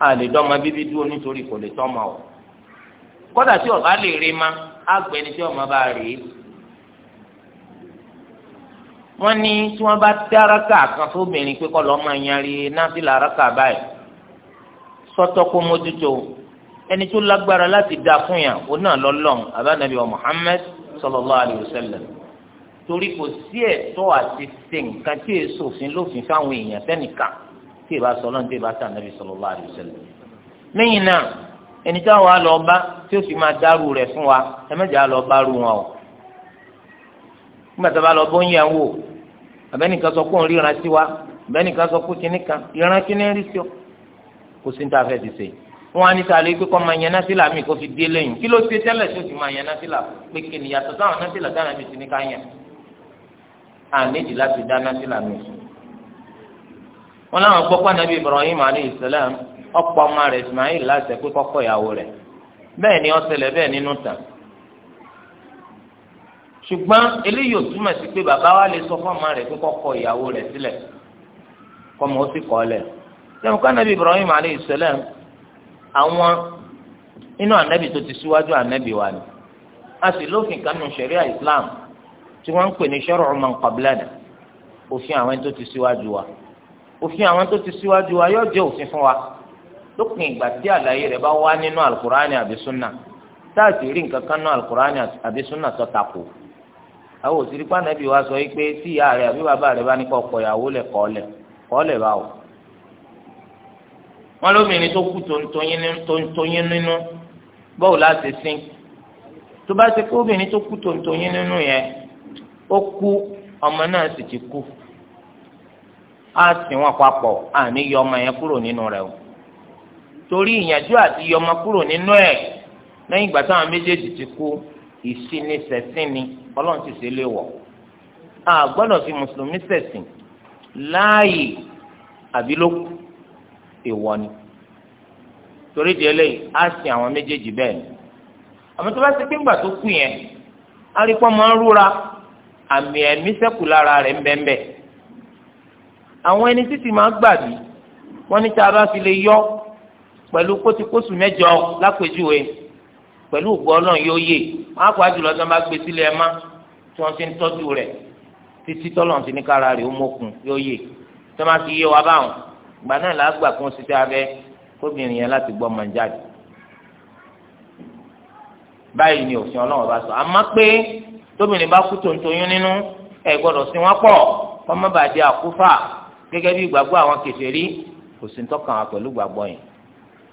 à lè dán ọmọ bíbí dúró nítorí kò lè tọ́ ọmọ ọ̀ kódà tí ọba lè rí ma àgbẹni tí ọmọ bá rí wọn ní tí wọn bá dá raka kan fóbìnrin pé kó lọ máa yanrí náfìlà raka báyìí sọtọ kó mójútó ẹni tó lágbára láti dá fún yàn ó náà lọlọrun abánabi wa Muhammad sallallahu alayhi wa sallam torí kò sí ẹ̀tọ́ àti ṣe nǹkan tí èso òfin lófin fáwọn èèyàn fẹ́nìkan tí ìbá sọlọ́n tí ìbá sàn nàbì sallallahu alayhi wa sallam. lẹ́yìn náà ẹni tí àwọn àlọ́ bá tí ó sì máa dárú rẹ̀ fún wa ẹ mẹ́jọ lọ bá ru wọn o nígbà tá a bá lọ bó ń yẹn wò abẹ́nìkan sọ kó ń ríran sí wa abẹ́nìkan sọ kó kíní kan ìran kíní rí sí ọ kó sí ní ta fẹ́ ti sè wọn á ní ta lè pé kọ́ máa yẹn náà sílà mí kó fi dé lẹ́yìn kí ló ṣe tẹ́lẹ̀ tó ti máa yẹn náà sílà pé kíni yàtọ̀ sáwọn náà sílà dáná mi ti ní ká yẹn à nídìí láti dáná sílà mi wọn láwọn gbọ́ pé anabi Ibrahim alayhi salam ọ̀pọ̀ ọmọ rẹ̀ Ismail láti ẹ̀ pé kọ́kọ́ ìyàwó rẹ̀ bẹ́ẹ̀ ni ó ṣẹlẹ̀ bẹ́ẹ̀ nínú tàn ṣùgbọ́n eléyìí ò túmọ̀ sí pé bàbá wa lè sọ fọ́ọ̀mù rẹ̀ pé kọ́kọ́ ìyàwó rẹ̀ sílẹ̀ kọ́mọ ó sì kọ́ lẹ̀ sẹ́mu ká nàbí Ibrahim aleyhi sẹlẹ̀m àwọn inú ànábì tó ti síwájú ànábì wa ni a sì lófin kan nù Islam tí wọ́n ń pè ní shar'u man qablana òfin àwọn tó ti síwájú wa òfin àwọn tó ti síwájú wa yóò jẹ́ òfin fún wa lópin ìgbà tí àlàyé rẹ̀ bá wá nínú alukur'ani àbí sunna rí nǹkan kan nínú alukur'ani wa sọ yìí pé tí ìyá rẹ̀ àbí bàbá bá ní ọkọ ìyàwó lẹ̀ kọ́ọ̀lẹ̀ kọ́ọ̀lẹ̀ báwò. wọn lómìnirin tó kú tontoyin nínú bọ́ọ̀ láti sìn tó bá ṣe pé obìnrin tó kú tontoyin nínú yẹn ó kú ọmọ náà sì ti kú á wọn papọ̀ àní yọ ọmọ yẹn kúrò nínú o. torí ìyànjú àti yọmọ kúrò nínú ẹ̀ lẹ́yìn ìgbà táwọn méjèèjì ti kú ìsinisẹ̀síni ọlọ́run ti ṣe lé a gbọ́dọ̀ fi mùsùlùmí ṣẹ̀sìn láàyè àbí lókù èèwọ̀ ni torí di eléyìí á sin àwọn méjèèjì bẹ́ẹ̀ ni àmọ́ tó bá ti pín gbà tó kú yẹn arípọ́ máa ń rúra àmì ẹ̀mí sẹ́kù lára rẹ̀ ń bẹ́ẹ̀ bẹ́ẹ̀ àwọn ẹni títí máa gbàdí wọ́n ní tá a bá fi lè yọ pẹ̀lú kótikóṣù mẹ́jọ lápèjúwe pẹ̀lú ògbó ọlọ́run yóò yè wọ́n á pa jùlọ tí wọ́n bá gbé sílẹ̀ ẹ̀ má tí wọ́n ti ń tọ́jú rẹ̀ títí tọ́lọ̀ ti ní kára rẹ̀ ó mọ̀kùn yóò yè tí wọ́n bá ti yé wa báwọn ìgbà náà làágbà kún síṣẹ́ abẹ kóbìnrin yẹn láti gbọ́ máa ń jáde. báyìí ni òfin ọlọ́run bá sọ àmọ́ pé tóbìnrin bá kú tòǹtòyún nínú ẹ̀ gbọ́dọ̀ sí wọn pọ̀ kọ́mọ́bàdé àkúfà gẹ́gẹ́ bí ìgbàgbọ́ àwọn kèfèrí kò sí ń tọ́kàn wọn pẹ̀lú ìgbàgbọ́ yẹn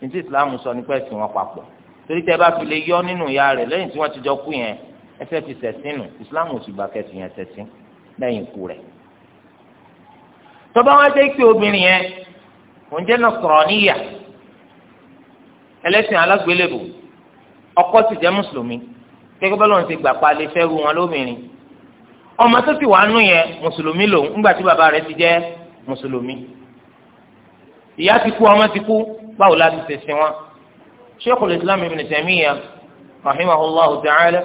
ní tí islam sọ nípa ẹ̀sìn wọn papọ̀ torí tẹ́ bá fi lè yọ nínú ìyá rẹ̀ lẹ́yìn tí wọ́n ti jọ kú yẹn ẹsẹ̀ ti sẹ̀sìn nù islam ò sì gbà kẹsì yẹn sẹ̀sìn lẹ́yìn ikú rẹ̀. tọ́ba wọn jẹ́ pé obìnrin yẹn òun jẹ́ nasraniya ẹlẹ́sìn alágbélébù ọkọ sì jẹ́ mùsùlùmí gẹ́gẹ́ bọ́lá òun ti gbà pa lè fẹ́ ru wọn lóbìnrin ọmọ tó ti wà yẹn mùsùlùmí lòun ńgbà tí bàbá rẹ̀ ti jẹ́ mùsùlùmí ìyá ti kú ọmọ ti kú báwo la ti ṣe wọn. Islam Ibn Taymiyyah rahimahullahu ta'ala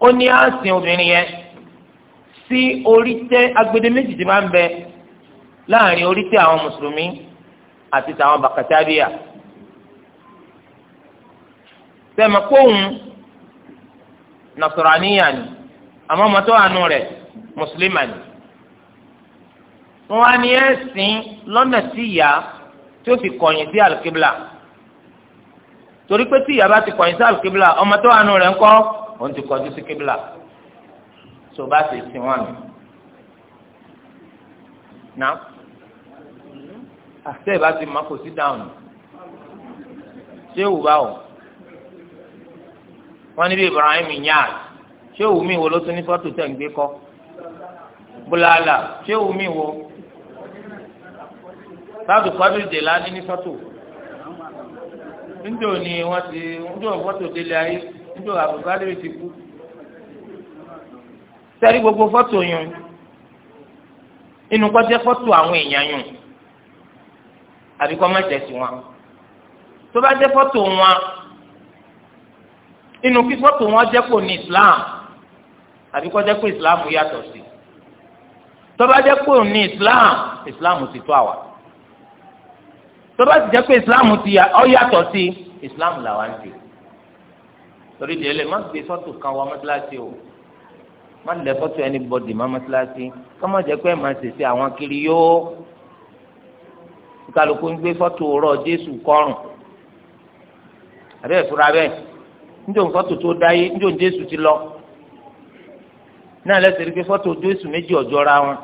ó ní à sin obìnrin yẹn sí orí tẹ agbede méjì tí máa ń bẹ láàrin orí tẹ àwọn mùsùlùmí àti tàwọn bàkàtàbíyà sẹ́mi kóhùn nasaraniya ni àánú ni. á ní tí tí ó sì kọ̀yìn sí alùkébìlà torí pé tí ìyá bá ti kọ̀yìn sí alùkébìlà ọmọ tó wà nù rẹ̀ ńkọ́ òun ti kọjú sí kébìlà tó bá ti sin wọn nù. nà àti ah, ẹ̀ bá ti má kò sí dáhùn ṣé òwú bá wọ̀ wọ́n ní bí Ibrahim Niass ṣé òwú mi wo ló tún ní fọ́tò tẹ̀ ń gbé kọ́ bùlàlà ṣé òwú mi wo sáàbì kọ́dù ìdèlà níní sọ́tò níjọ́ ni wọ́n ti níjọ́ fọ́tò délé ayé níjọ́ àbùkádé ti kú sẹ́rí gbogbo fọ́tò yun inú kọ́jẹ́ fọ́tò àwọn èèyàn yun àbí kọ́ má jẹ̀sí wọn tó bá jẹ́ fọ́tò wọn inú kí fọ́tò wọn jẹ́ kò ní Islam àbí kọ́ jẹ́ kó Islam yàtọ̀ sí tó bá jẹ́ kò ní Islam Islam ti tó àwa tó bá ti jẹ́ pé islam ti yà ọ́ yàtọ̀ sí islam làwọn ti torí di ẹlẹ́ má gbé fọ́tò kan wá mọ́tíláṣí o má lẹ fọ́tò anybody má mọ́tíláṣí ká má jẹ́ pé ẹ̀ máa ṣèṣe àwọn kiri yóò kálukú ń gbé fọ́tò rọ jésù kọrùn àbẹ́ ìfura bẹ́ẹ̀ níjó fọ́tò tó dáyé níjó jésù ti lọ náà lẹ́sẹ̀ rí pé fọ́tò jésù méjì ọ̀jọ́ra wọn.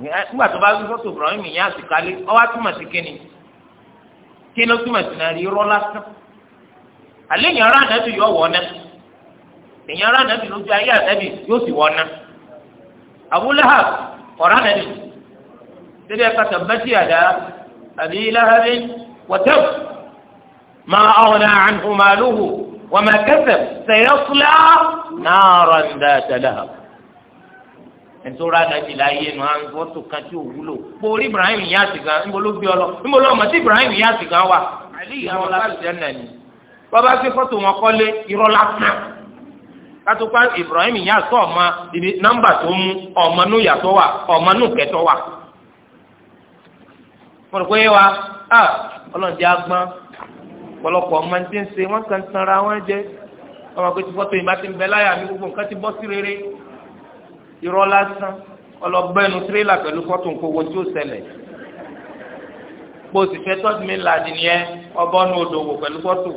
nígbà tó bá gbé fọ́tò Ibrahim yẹn àsìkálẹ̀ ọwọ́ túmọ̀ sí kíni kí ló túmọ̀ sí náà rí irọ́ lásán àlẹ́ èèyàn rà nàbì yóò wọ̀ ná èèyàn rà nàbì lójú ayé ànábì yóò sì wọ̀ ná Abu Lahab ọ̀rá nàbì dédé ẹ̀ka tàbátì àdá àbí láhàbí wọ́tẹ́wù máa ọ̀nà àǹfọ̀màlúhù wọ́n máa kẹsẹ̀ sẹ̀yẹ́ fúlá náà rọ̀ ń dá àtàlẹ́ àbù. ẹ̀ńtọ́ra nàbì láyé nu à ń fọ́tò kan tí ò wúlò Ibrahim yá sìgá ńbọ ló gbé ọ lọ ló mọ̀ tí Ibrahim yá sìgá wa àlẹ́ ìyàwó lásìjẹ́ ni bàbá sí fọ́tò wọn kọ́lé irọ́ lásán Ibrahim yá sọ ọmọ ibi nọ́mbà tó mú ọmọ nù yàtọ̀ wa. ọmọ nù kẹtọ̀ wa ọlọ́ọ̀dẹ́ agbọ́n pọ̀lọpọ̀ ọmọ ń wọ́n kàn ń irọ́ lásán ọlọ́gbẹ́nu tirẹ́là pẹ̀lú kọ́tù nkowó tí ó ṣẹlẹ̀ kpọ́sì fẹ́ tọ́jú mi là ní yẹn ọbọ̀nù òdòwò pẹ̀lú kọ́tù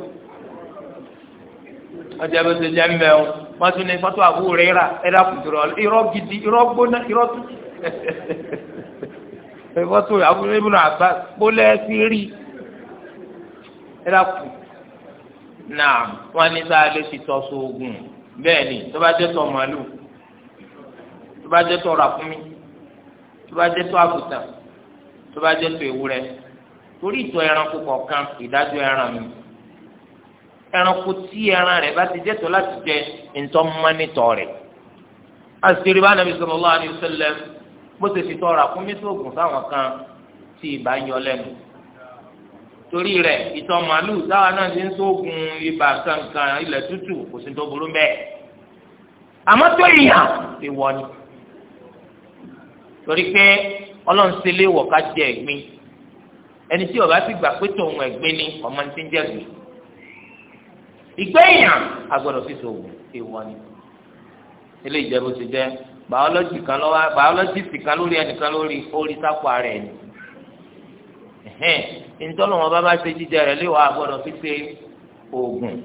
ọjà bó ṣe jẹ́ mbẹ́ o wọ́n tún ní fọ́tò àbúrò rẹ̀ rà ẹ̀dá kùtùrọ̀ irọ́ gidi irọ́ gbóná irọ́ tó (laughs) fọ́tò àbúrò ibùdó àbá kpọ́lẹ́ ti rí ẹ̀dá kù náà wọ́n ní sáà lè fi tọ́ sóògùn bẹ́ẹ̀ ni tó bá jẹ́ tọ́ màlúù tó bá jẹ́ tó ràkúnmí tó bá jẹ́ tó àgùtàn tó bá jẹ́ tó ewúrẹ́ torí ìtọ̀ ẹranko kọ̀ọ̀kan ìdájọ́ ẹran mi ẹranko tí ẹran rẹ̀ bá ti jẹ́ tó láti jẹ ntọ́ mọ́nítọ̀ rẹ̀ àṣírí bá nàbí sallallahu alaihi wasallam bó ti fi tọrọ àkúnmí sóògùn fáwọn kan tí ibà ń yọ torí rẹ̀ ìtọ̀ màálù táwa náà ti ń sóògùn ibà kankan ilẹ̀ tútù kò sí tó burú bẹ́ẹ̀ àmọ́ tó ti wọ torí pé ọlọ́run ṣe lé wọ̀ ká jẹ ẹ̀gbin ẹni tí ó bá ti gbà pé tòun ẹ̀gbin ni ọmọ ti ń jẹ̀gbin ìgbẹ́yàn agbọ́dọ̀ fífi òwò ìwọ ni ilé ìjẹ́bù ti jẹ́ bàọ́lọ́jì kan lọ́wọ́ bàọ́lọ́jìsì kan lórí ẹnìkan lórí orí sápò ara ẹ̀ ni ntọ́nù wọn bá bá ṣe jíjẹ rẹ̀ léwọ́ agbọ́dọ̀ fífi oògùn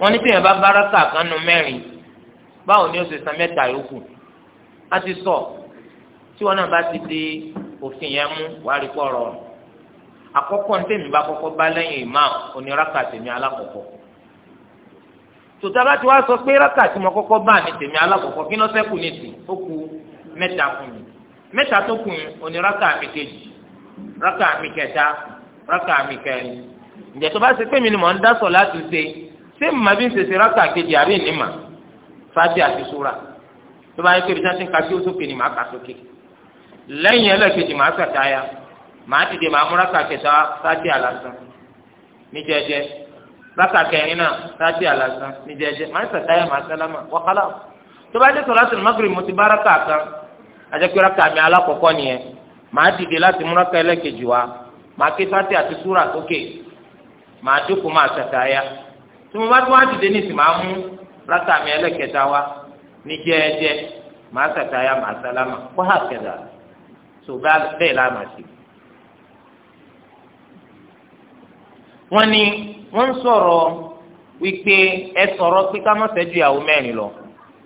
wọn ní tẹ̀yẹ̀ bá báraka kan nu mẹ́rin báwo ni ó ṣe san mẹ́ta yòókù a ti sọ tí wọn náà bá ti di òfin yẹn mú wàá rí pọ̀ rọrùn àkọ́kọ́ ní tèmi bá kọ́kọ́ bá lẹ́yìn ìmáà oníraka tèmi alákọ̀ọ́kọ́ tòtábà tí wàá sọ pé raka tí mo kọ́kọ́ bá mi tèmi alákọ̀ọ́kọ́ kí ló ṣẹ́kù ní ti ó kù mẹ́ta fún mi mẹ́ta tó kù oníraka mi kejì raka mi kẹta raka mi kẹrin ǹjẹ́ tó bá ṣe pé mi ni mò ń dá sọ láti ṣe ṣé màá bí ń ṣe ṣe raka kejì àbí ìnímà fàájì àti súra tó bá yẹ kó ibi tí wọ́n ti ń ka kí ó sókè ni màá kà sókè lẹ́yìn ẹlẹ́kejì màá sàtáyà màá dìde màá múra kàkẹta sáàtì àlásán ní jẹ́jẹ́ rákàkẹrin náà sáàtì àlásán ní jẹ́jẹ́ màá sàtáyà màá sálámà wàhálà tó bá dé sọlá tó magre mo ti bá rákàkà àjẹpẹ́ rákàmì alákọ̀ọ́kọ́ nìyẹn màá dìde láti múra kà ẹlẹ́kejì wa màá ké sáàtì àti súrà sókè màá dúkùú màá sàtáyà tí mo bá tún wá ní jẹ́ẹ́jẹ́ màá sàtáyà màá sálámà wọ́n hà kẹ́dà tó bẹ́ẹ̀ la màá sí. wọ́n ní wọ́n ń sọ̀rọ̀ wípé ẹ sọ̀rọ̀ pé ká má fẹ́ ju ìyàwó mẹ́rin lọ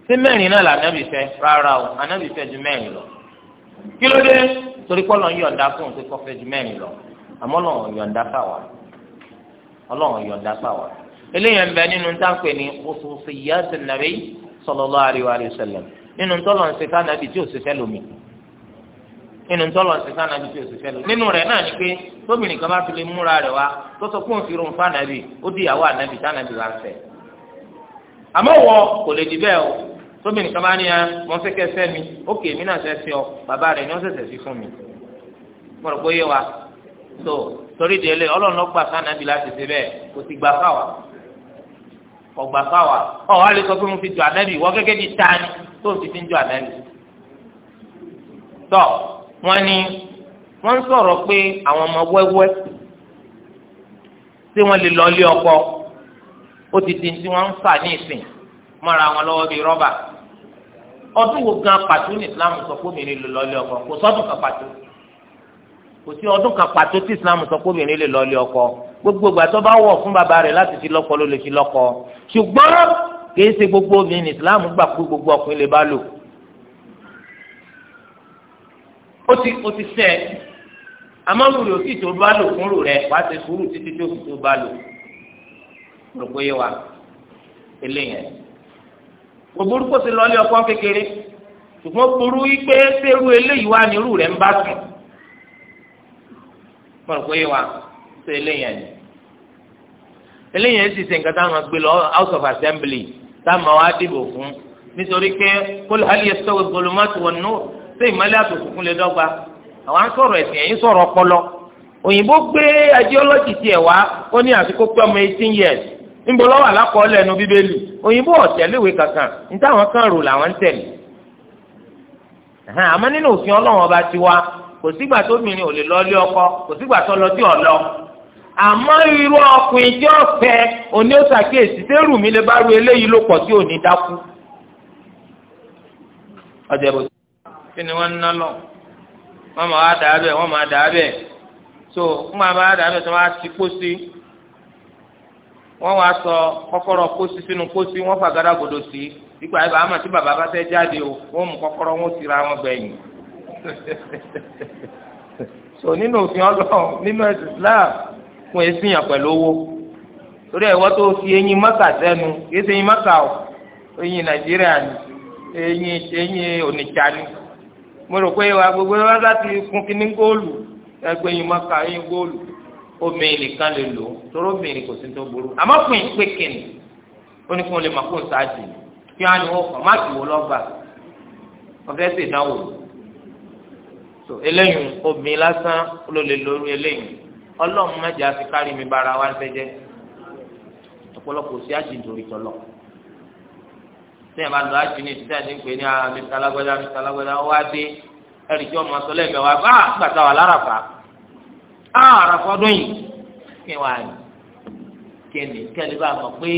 sí mẹ́rin náà lànàbì fẹ́ rárá o ànàbì fẹ́ ju mẹ́rin lọ kí ló dé torí pé Ọlọ́run yọ̀ǹda fún un pé kó fẹ́ ju mẹ́rin lọ àmọ́ Ọlọ́run yọ̀ǹda fáwa Ọlọ́run yọ̀ǹda fáwa eléyìí ń bẹ nínú táǹpẹ̀ ní khususiyyat an-nabi sallallahu alaihi wa sallam nínú tọ́lọ̀ ń ṣe fánàbí tí ò ṣe fẹ́ lómi nínú tọ́lọ̀ ń ṣe fánàbí tí ò ṣe fẹ́ lómi nínú rẹ̀ náà ni pé tóbìnrin kan bá fi lè múra rẹ̀ wá tó sọ fún òfin rún fánàbí ó di ìyàwó ànábì tánàbí wá fẹ́ àmọ́ wọ kò lè di bẹ́ẹ̀ o tóbìnrin kan bá ní ah, ẹ mọ fẹ́kẹ́ fẹ́ mi ó kè mí náà fẹ́ ọ bàbá rẹ̀ ni ó ṣẹ̀ṣẹ̀ fi fún mi mo rò pé yé wa so torí délé ọlọ́run ló gbà fánàbí láti ṣe bẹ́ẹ̀ kò sì gbà fáwa ọgbà fáwa ọ wá lè sọ pé mo fi jọ ànábì wọ́n gẹ́gẹ́ bíi tani tó ń fi fi ń jọ ànábì. tọ́ wọ́n ní wọ́n ń sọ̀rọ̀ pé àwọn ọmọ wẹ́wẹ́ tí wọ́n lè lọ ilé ọkọ ó ti di tí wọ́n ń fà ní ìsìn mọ́ra wọn lọ́wọ́ bíi rọ́bà ọdún wo gan pàtó ní Islam sọ pé obìnrin lè lọ ilé ọkọ kò sọ́dún kan pàtó kò sí ọdún kan pàtó tí Islam sọ pé obìnrin lè lọ ilé ọkọ gbogbo ìgbà tó bá wọ̀ fún bàbá rẹ̀ láti fi lọ́kọ ló lè fi lọ́kọ ṣùgbọ́n kìí ṣe gbogbo obìnrin ní islam gbà pé gbogbo ọkùnrin lè bá lò ó ti ó ti sẹ́ àmọ́ lórí òsì tó bá lò fúnrù rẹ̀ wá ti sùúrù títí tó fi tó bá lò rò pé wa eléyẹn òbúrú kò sí lọ́lé ọkọ kékeré ṣùgbọ́n burú wípé sẹ́rú eléyìí wá ní irú rẹ̀ ń bá sùn rò pé wa ṣe eléyẹn ni eléyìí ẹ̀ sì ṣe nǹkan táwọn gbé lọ house of assembly táwọn wá dìbò fún nítorí pé kul hal yastawi dhulumatu wan nur ṣé ìmọ́lẹ̀ àtòkùnkùn lè dọ́gba àwọn á sọ̀rọ̀ ẹ̀sìn ẹ̀yìn sọ̀rọ̀ ọpọlọ òyìnbó gbé ideology tiẹ̀ wá ó ní àsìkò pé ọmọ eighteen years níbo lọ́wọ́ àlákọ̀ọ́lẹ̀ ẹnu bíbélì òyìnbó ọ̀tẹ̀léwé kankan ní táwọn kan rò làwọn ń tẹ̀lé àmọ́ nínú òfin ọlọ́run ọba tiwa kò sígbà tóbìnrin ò lè lọ ilé ọkọ kò sígbà tó lọ sí ọ̀lọ́ àmọ́ irú ọkùnrin tí ó fẹ́ òní ó ṣàkíyèsí sẹ́rù mi lè bá ru eléyìí ló pọ̀ tí ò ní dákú. ọjà ìbò kí ni wọ́n ń ná lọ wọ́n máa dà á bẹ̀ wọ́n máa dà á bẹ̀ so wọ́n máa dà á bẹ̀ tí wọ́n á ti kó sí wọ́n wá sọ kọ́kọ́rọ́ kó sí sínú kó sí wọ́n fàgádà gòdò sí ìgbà yìí bàá tí bàbá bá fẹ́ jáde o wọ́n mú kọ́kọ́rọ́ wọn ti ra wọn gbẹ̀yìn (laughs) so nínú òfin Ọlọ́run nínú ẹ̀sìn Islam fún èsì yàn pẹ̀lú owó torí ẹ̀wọ́ tó fi eyín maka sẹ́nu kì í ṣe eyín Nigeria o eyín nàìjíríà ni eyín eyín onìjà ni mo rò pé wa gbogbo wa láti kún kínní góòlù ẹgbẹ́ eyín mọ́kà eyín góòlù obìnrin kan lè lò ó sí tó burú àmọ́ pé kìnnì ó ní ọlọ́run má jẹ́ àfi kárí mi bára wa ń fẹ́jẹ́ ọ̀pọ̀lọpọ̀ sí àjì nítorí tọ́lọ̀ tí ẹ̀ bá lọ àjì ní ìtútà ní pé ah, ní mr alágbádá mr alágbádá ó wá dé ẹ̀rì tí ọmọ sọ lẹ́gbẹ̀ẹ́ wa bá ah, gbàtà wà láràfà á ah, àràfà ọdún yìí kí wà ní kéde kẹ́lẹ́ bá mọ̀ pé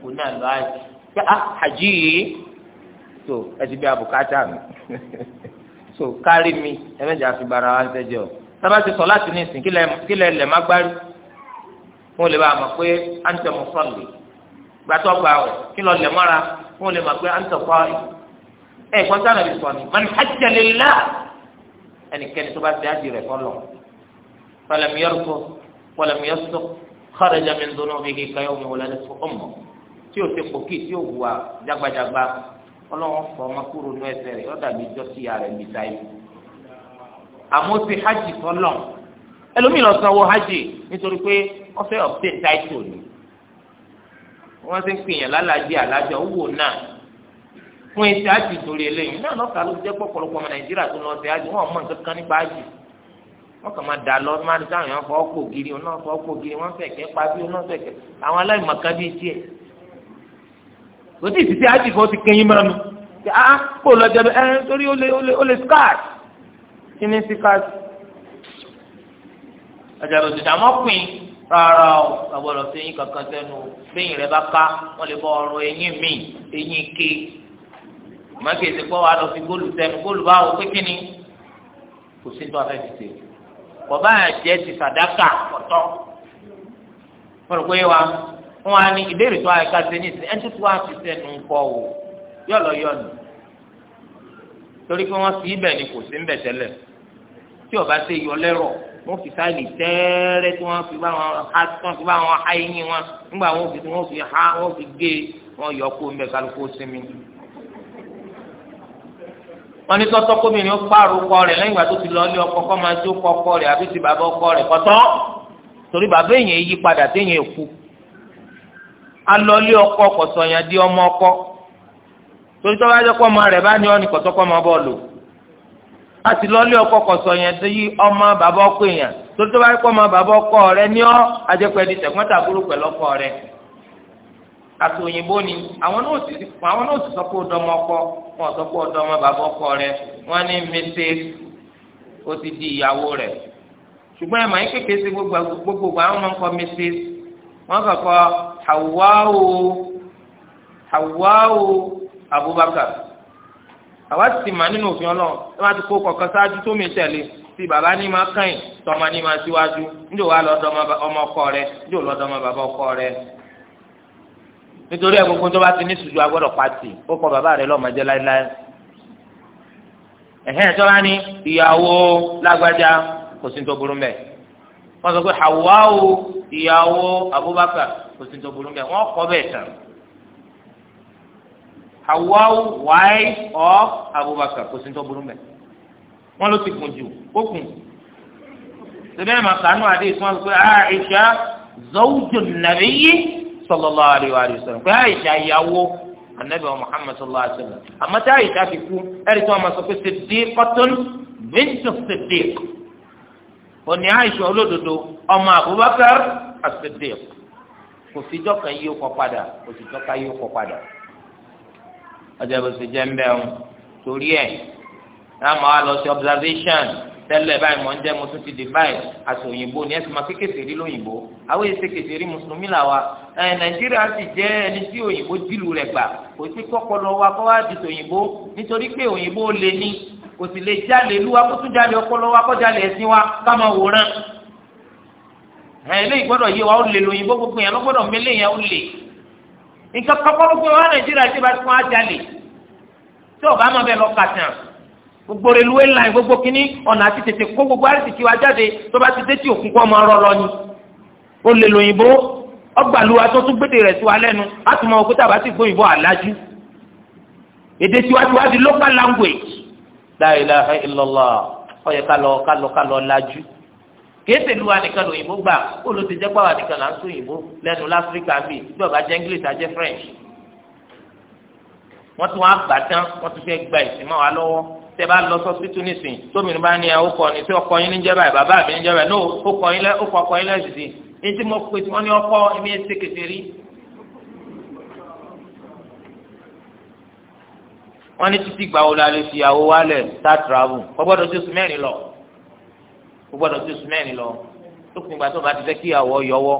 kò náà lọ àjì kí á àjì yìí tó ẹ ti bí abùkátà mi tó (laughs) kárí mi ẹ mẹ́jọ àfi bára wa ń o sábà ti sọ láti ní ìsìn kí lẹ lẹ má gbárí wọn lè bá a mọ̀ pé àǹtẹ̀ mọ̀ sọ̀lì gbàtọ́ gba ọ̀ kí lọ lẹ̀ mọ́ra wọn lè mọ̀ pé àǹtẹ̀ kọ́ ẹ̀ kọ́ sáà nàbì sọ̀ni man hajja lillah ẹnikẹ́ni tó bá ti àjì rẹ̀ fọlọ̀ falam yarfu walam yasuk kharaja mi wọlé lẹ́sọ̀ ọmọ tí o ti kò tí o wù wá jagbajagba ọlọ́wọ́ fọ ọmọ kúrò ní ẹsẹ̀ rẹ̀ mi jọ́ sí mi sáyé àmọ́ ó ti hajj tọ́lọ̀ ẹlòmíì lọ sanwó hajj nítorí pé wọ́n fẹ́ obtain title ni wọ́n ti ń pèèyàn lálàájì àlájọ owó náà fún ẹsẹ̀ hajj torí eléyìí náà lọ́kàá ló jẹ́ pọ̀pọ̀lọpọ̀ ọmọ nàìjíríà tó lọ sí hajj wọ́n mọ̀ nǹkan kan nípa hajj wọ́n kàn máa dà lọ máa dá àwọn afọ ọkọ ògiri wọn náà fọ ọkọ ògiri wọn fẹ́ kẹ́ pa bí wọn fẹ́ kẹ́ àwọn aláìmọ̀kan bíi tiẹ̀ kò tí ì ti ti hajj kò ti kẹ́yìn mọ́nu ah, ah kò lọ jẹ ẹ eh, torí ó lè ó lè ó lè scarce kíní sí káàsì àjàrò tètè àmọ́ pin rárá o àgbọ̀dọ̀ sí eyín kankan sẹ́nu lẹ́yìn rẹ bá ká wọ́n lè bọ́ ọrùn eyín mi eyín ké màkèsè pọ́ wa lọ fi góòlù sẹ́nu góòlù bá wọ pé kíni kò sí nítorí afẹ́ ti tè bọ̀bá àjẹ́ ti sàdákà ọ̀tọ̀ wọ́n rò pé wa wọn á ní ìbéèrè tó àyíká ṣe ní ìsìn ẹni tó fi sẹ́nu ńkọ́ o yọ̀lọ̀ yọ̀nù torí pé wọ́n fi ibẹ̀ ni kò sí ń bẹ̀ tẹ́lẹ̀ tí ọba ṣe yọ lẹ́rọ̀ wọ́n fi sáìlì tẹ́ẹ́rẹ́ tí wọ́n fi bá wọn ha tí wọ́n fi bá wọn ha eyín wọn nígbà fi fi ha fi gé yọ kó mbẹ kálukú sinmi. wọn ní tọ́tọ́ kómi ni ó rẹ̀ lẹ́yìn ìgbà tó ti lọ ilé ọkọ kọ́ máa kọ́ ọkọ rẹ̀ àbí ti bàbá rẹ̀ kọ́tọ́ torí bàbá èèyàn yí padà téèyàn kú. di ọmọ torí tọ́ a sì lọ́ọ́lé ọkọ kọ̀sọ̀ yẹn tó yí ọmọ bàbá Toto èèyàn tó tó bá kọ́ ọmọ bàbá ọkọ rẹ ní ọ́ àjẹpẹ́ di tẹ̀gbọ́n tàbúrò pẹ̀lú ni àwọn náà sì àwọn náà sì sọ pé ọdọmọ ọkọ wọn sọ pé ọdọmọ bàbá ọkọ rẹ wọn ní mistake ó ti di ìyàwó rẹ ṣùgbọ́n ẹ̀ máa ń kéke gbogbo àwọn ọmọ nǹkan mistake wọn kọ̀ kọ́ Hawwau Abubakar àwa sì mà nínú òfin ọlọ́run ẹ má ti kó kọ̀ọ̀kan ṣáájú tó mi tẹ̀lé tí bàbá ní ma kàn yín tọmọ ní ma síwájú níjò wá lọ́dọ̀ ọmọ ọkọ rẹ níjò lọ́dọ̀ ọmọ bàbá ọkọ rẹ nítorí ẹ gbogbo tó bá ti ní sùdù agbọ́dọ̀ pàtì ó kọ bàbá rẹ lọ́mọdé láéláé ẹ̀hẹ́n tó bá ní ìyàwó lágbájá kò sí tó burú mẹ́ wọ́n sọ pé Hawwa o ìyàwó Abubakar kò sí tó Hawawu wife of Abubakar kò sí ní tó burú mẹ́ wọ́n ló ti gùn jù ó gùn sẹ́bẹ̀ ẹ̀ máa kànú àdé ìsúná pé Aisha zawjun nabiyyi sallallahu alayhi wa sallam pé Aisha ìyàwó anabi Muhammad sallallahu alayhi wa sallam àmọ́ tí Aisha fi kú ẹ̀rí tí wọ́n máa sọ pé siddiqatun bintu siddiq òní Aisha olódodo ọmọ Abubakar as-Siddiq kò síjọ́ kan yíyó kọ́ padà kò síjọ́ kan yíyó kọ́ padà ọjọ́ bó ṣe jẹ́ ń bẹ̀ torí ẹ̀ láàmú wa lọ sí observation tẹ́lẹ̀ báyìí mọ̀ ń jẹ́ mo tún ti di báyìí àti òyìnbó ni ẹ ti máa ké kèsèrí lóyìnbó àwọn èsì kèsèrí mùsùlùmí là wa ẹ nàìjíríà sì jẹ́ ẹni tí òyìnbó dìlù rẹ̀ gbà kò sí kọ́kọ́lọ́ wa kọ́ wá di tòyìnbó nítorí pé òyìnbó lè ní kò sì lè jalè lu wa kó tún jalè ọpọlọ wa kó jalè ẹ̀sìn wa ká máa wòran ẹ̀ lẹ́yìn gbọ́dọ̀ yé wa ó lè lòyìnbó gbogbo yẹn ló mélé yẹn ó lè nǹkan kọ́kọ́rọ́ pé wọ́n á nàìjíríà tí bá tún á jalè tí ọba máa bẹ lọ kàtàn gbogbo reluwé line gbogbo kínní ọ̀nà àti tètè kó gbogbo àrísìkí wa jáde tó bá ti dé tí òkun kọ́ máa rọrọ ni ó lè lòyìnbó ọgbàlúwa tó tún gbèdè rẹ̀ sí wa lẹ́nu láti mọ òkúta àbá ti gbóyìnbó àlájú èdè tiwa tiwa di local language la ilaha illallah ó yẹ ká lọ ká lájú kìí ṣèlú wa nìkan lòyìnbó gbà ó ló ti jẹ́ pàwọn nìkan là ń sọ òyìnbó lẹ́nu láfíríkà bí bí ọba jẹ́ english àjẹ́ french wọ́n tún wá gbà tán wọ́n tún fẹ́ gba ìsìnmọ́ wa lọ́wọ́ tẹ bá lọ sọsítù nísìn tómìnir bá ní ẹ ó kọ ní sí ọkọ yín níjẹba ẹ bàbá mi níjẹba ẹ náà ó kọ yín lẹ ó kọ ọkọ yín lẹsìsì ní tí mo pè tí wọ́n ní ọkọ mi ṣe kété rí. wọ́n ní títí gbàwó la lè fi ìyàwó wálẹ̀ tá a travel kọ́ gbọ́dọ̀ tó sùn mẹ́rin lọ kò gbọ́dọ̀ tó oṣù mẹ́rin lọ lópin ìgbà tó bá ti fẹ́ kí ìyàwó yọwọ́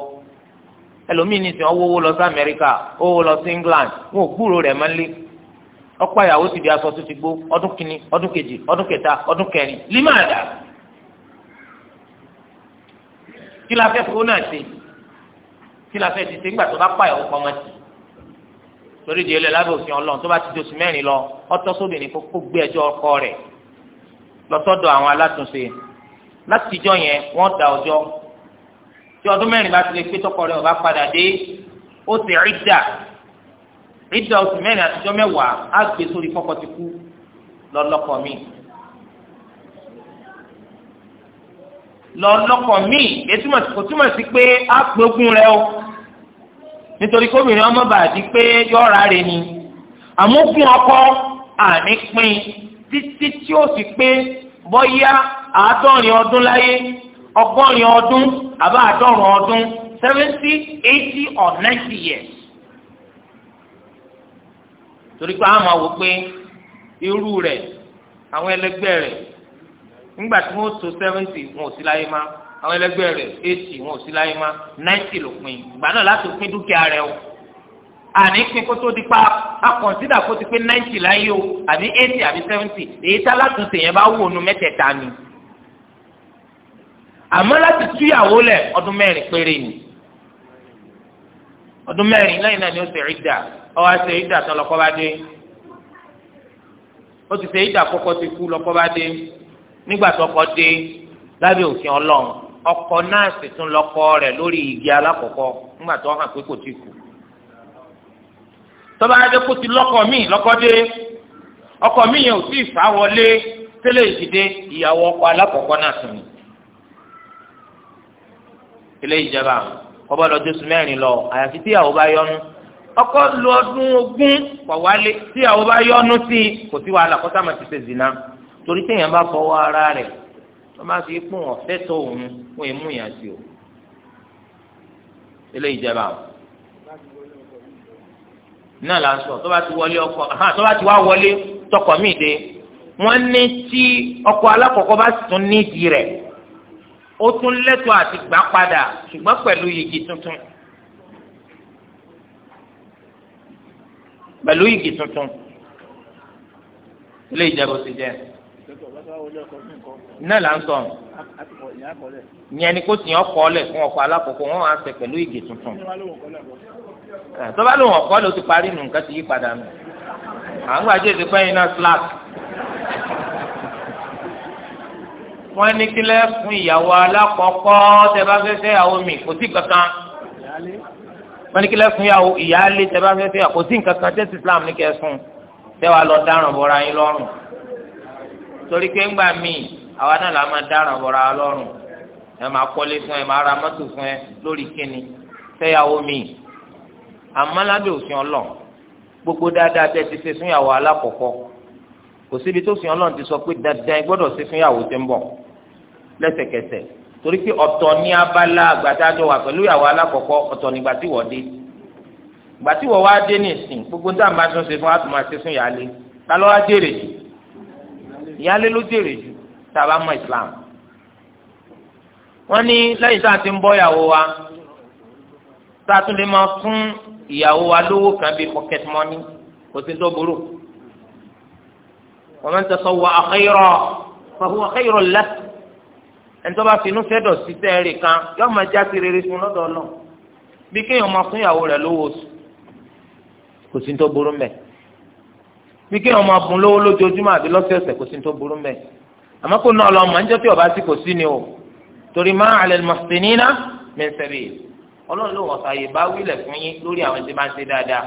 ẹlòmíín ní sìn ọwọ́ owó lọ sí Amẹ́ríkà owó lọ sí England wọn ò gbúrò rẹ̀ máa ń lé ọ̀pọ̀ ìyàwó ti di aṣọ tó ti gbó ọdún kìíní ọdún kejì ọdún kẹta ọdún kẹrin límàdà kí la fẹ́ fowó náà ṣe kí la fẹ́ ti ṣe nígbà tó bá pa ìyàwó kan mọ́ sí torí di ẹlẹ́ lábẹ́ òfin ọlọ́run tó bá ti di oṣù mẹ́rin lọ ọtọ́ sóbìnrin kó gbé ẹjọ́ ọkọ rẹ̀ lọ sọ́dọ̀ àwọn alátúnṣe látijọ́ yẹn wọ́n da ọjọ́ tí ọdún mẹ́rin bá ti lè pé tọkọ rẹ̀ ọba padà dé ó ti rídà rídà oṣù mẹ́rin àtijọ́ mẹ́wàá á gbé sórí kọ́kọ́ ti kú lọ́lọ́kọ mi. lọ́lọ́kọ mi kò túmọ̀ sí pé á gbógun rẹ o nítorí kóbìnrin ọmọ bàdí pé yọ̀ọ̀ra rẹ ni àmúgun ọkọ ànípín títí tí ó sì pé bọ́yá àádọ́rin ọdún láyé ọgọ́rin ọdún àbá àádọ́rùn ọdún seventy eighty or ninety years. torí pé àwọn àwò pé irú rẹ̀ àwọn ẹlẹgbẹ́ rẹ̀ nígbà tí wọ́n tó seventy wọn ò sí láyé má àwọn ẹlẹgbẹ́ rẹ̀ eighty wọn ò sí láyé má ninety ló pin ìgbà náà láti pín dúkìá rẹ̀ o àní pín kó tó di pa akọ̀nsídà kó ti pé náìtì láyé o àbí eighty àbí seventy èyí tá látúnṣe yẹn bá wò nu mẹ́tẹ̀ẹ̀ta ni àmọ́ láti túyàwó lẹ̀ ọdún mẹ́rin péré ni ọdún mẹ́rin lẹ́yìn náà ni ó ṣe ìdà ọwọ́ ṣe ìdà tán lọ́kọ́ bá dé ó ti ṣe ìdà kọ́kọ́ ti kú lọ́kọ́ bá dé nígbà tó kọ́ dé lábẹ́ òfin ọlọ́run ọkọ náà sì tún lọ́kọ́ rẹ̀ lórí igi alákọ̀ọ́kọ́ tọ́ba adé kó ti lọ́kọ míì lọ́kọ dé ọkọ míì yẹn ò tí ì fà wọlé tẹ́lẹ̀ ìdíde ìyàwó ọkọ alákọ̀ọ́kọ́ náà sùn ní. ilé ìjọba ọba lọ́dún sùn mẹ́rin lọ àyàfi tíyàwó bá yọnu ọkọ lu ọdún ogún kọ̀ tíyàwó bá yọnu sí i kò sí wàhálà kó sáà ti ṣe zina torí téèyàn bá fọwọ́ ara rẹ̀ wọ́n máa fi kún ọ̀fẹ́ tó òun fún náà là ń sọ tó bá ti wọlé ọkọ tó bá ti wá wọlé tọkọ míì dé wọ́n ní tí ọkọ alákọ̀ọ́kọ́ bá tún ní ìdí rẹ̀ ó tún lẹ́tọ̀ọ́ àti gbà padà ṣùgbọ́n pẹ̀lú igi tuntun pẹ̀lú igi tuntun ilé ìjẹ́bù ti jẹ́ náà là ń sọ yẹn ni kó tì yàn kọ́ lẹ̀ fún ọkọ̀ alákòókò wọn wá ṣe pẹ̀lú ìgè tuntun tó bá lòun ọ̀kọ́ ló ti parí nù nǹkan ti yí padà nù à ń gbàjẹ́ ìdí pẹ́yìn náà slack wọ́n ní kílẹ̀ fún ìyàwó alákọ̀ọ́kọ́ tẹ bá fẹ́ fẹ́ àwọn mi kò sí kankan wọ́n ní kílẹ̀ fún ìyàwó ìyáálé tẹ bá fẹ́ fẹ́ kò sí kankan tẹ́sí Islam ní kẹsùn tẹ wàá lọ dáràn bọ́ra yín lọ́rùn torí pé ńgbà míì àwa náà la máa dára bọ̀ra lọ́rùn ẹ máa kọ́lé fún ẹ máa ra mọ́tò fún ẹ lórí kíni fẹ́yàwó míì àmọ́ ládùn òfin ọlọ́ gbogbo dáadáa tẹ́ ti ṣe fún ìyàwó alákọ̀ọ́kọ́ kò síbi tó fi ọlọ́run ti sọ pé dandan ẹ gbọ́dọ̀ ṣe fún ìyàwó tó ń bọ̀ lẹ́sẹ̀kẹsẹ̀ torí pé ọ̀tọ̀ ní abala àgbàdájọ wà pẹ̀lú ìyàwó alákọ̀ọ́kọ́ ọ̀tọ̀ nígbà tí wọ́n dé ìgbà wọ́n wá dé ní gbogbo dáàmú bá tún ṣe fún àtúmọ̀ ṣe fún ìyáálé ta ló wá jèrè jù ìyálé ló jèrè jù tá a bá mọ islam wọ́n ní lẹ́yìn tá a ti ń bọ́ ìyàwó wa tá a tún lè máa fún ìyàwó wa lówó kan bíi pocket money kò sí tó burú wa man tasawwa'a khayran fa huwa khayrun lahu ẹni tó bá finú fẹ́dọ̀ sí sẹ́ẹ̀rì kan yóò máa já sí rere fún lọ́dọ̀ náà bí kéèyàn máa fún ìyàwó rẹ̀ lówó oṣù kò sí tó burú mẹ́ẹ̀ bí kéèyàn máa bùn lówó lójoojúmọ́ àbí lọ́sẹ̀ọ̀sẹ̀ kò sí ní tó burú mẹ́ àmọ́ kó náà lọ mọ̀ níjọ́ tí ọba sí kò sí ni o torí má alẹ́ mọ̀sínínà mẹ́sẹ̀rì ọlọ́run ló wọ̀sà yìí bá wílẹ̀ fún yín lórí àwọn tí máa ń ṣe dáadáa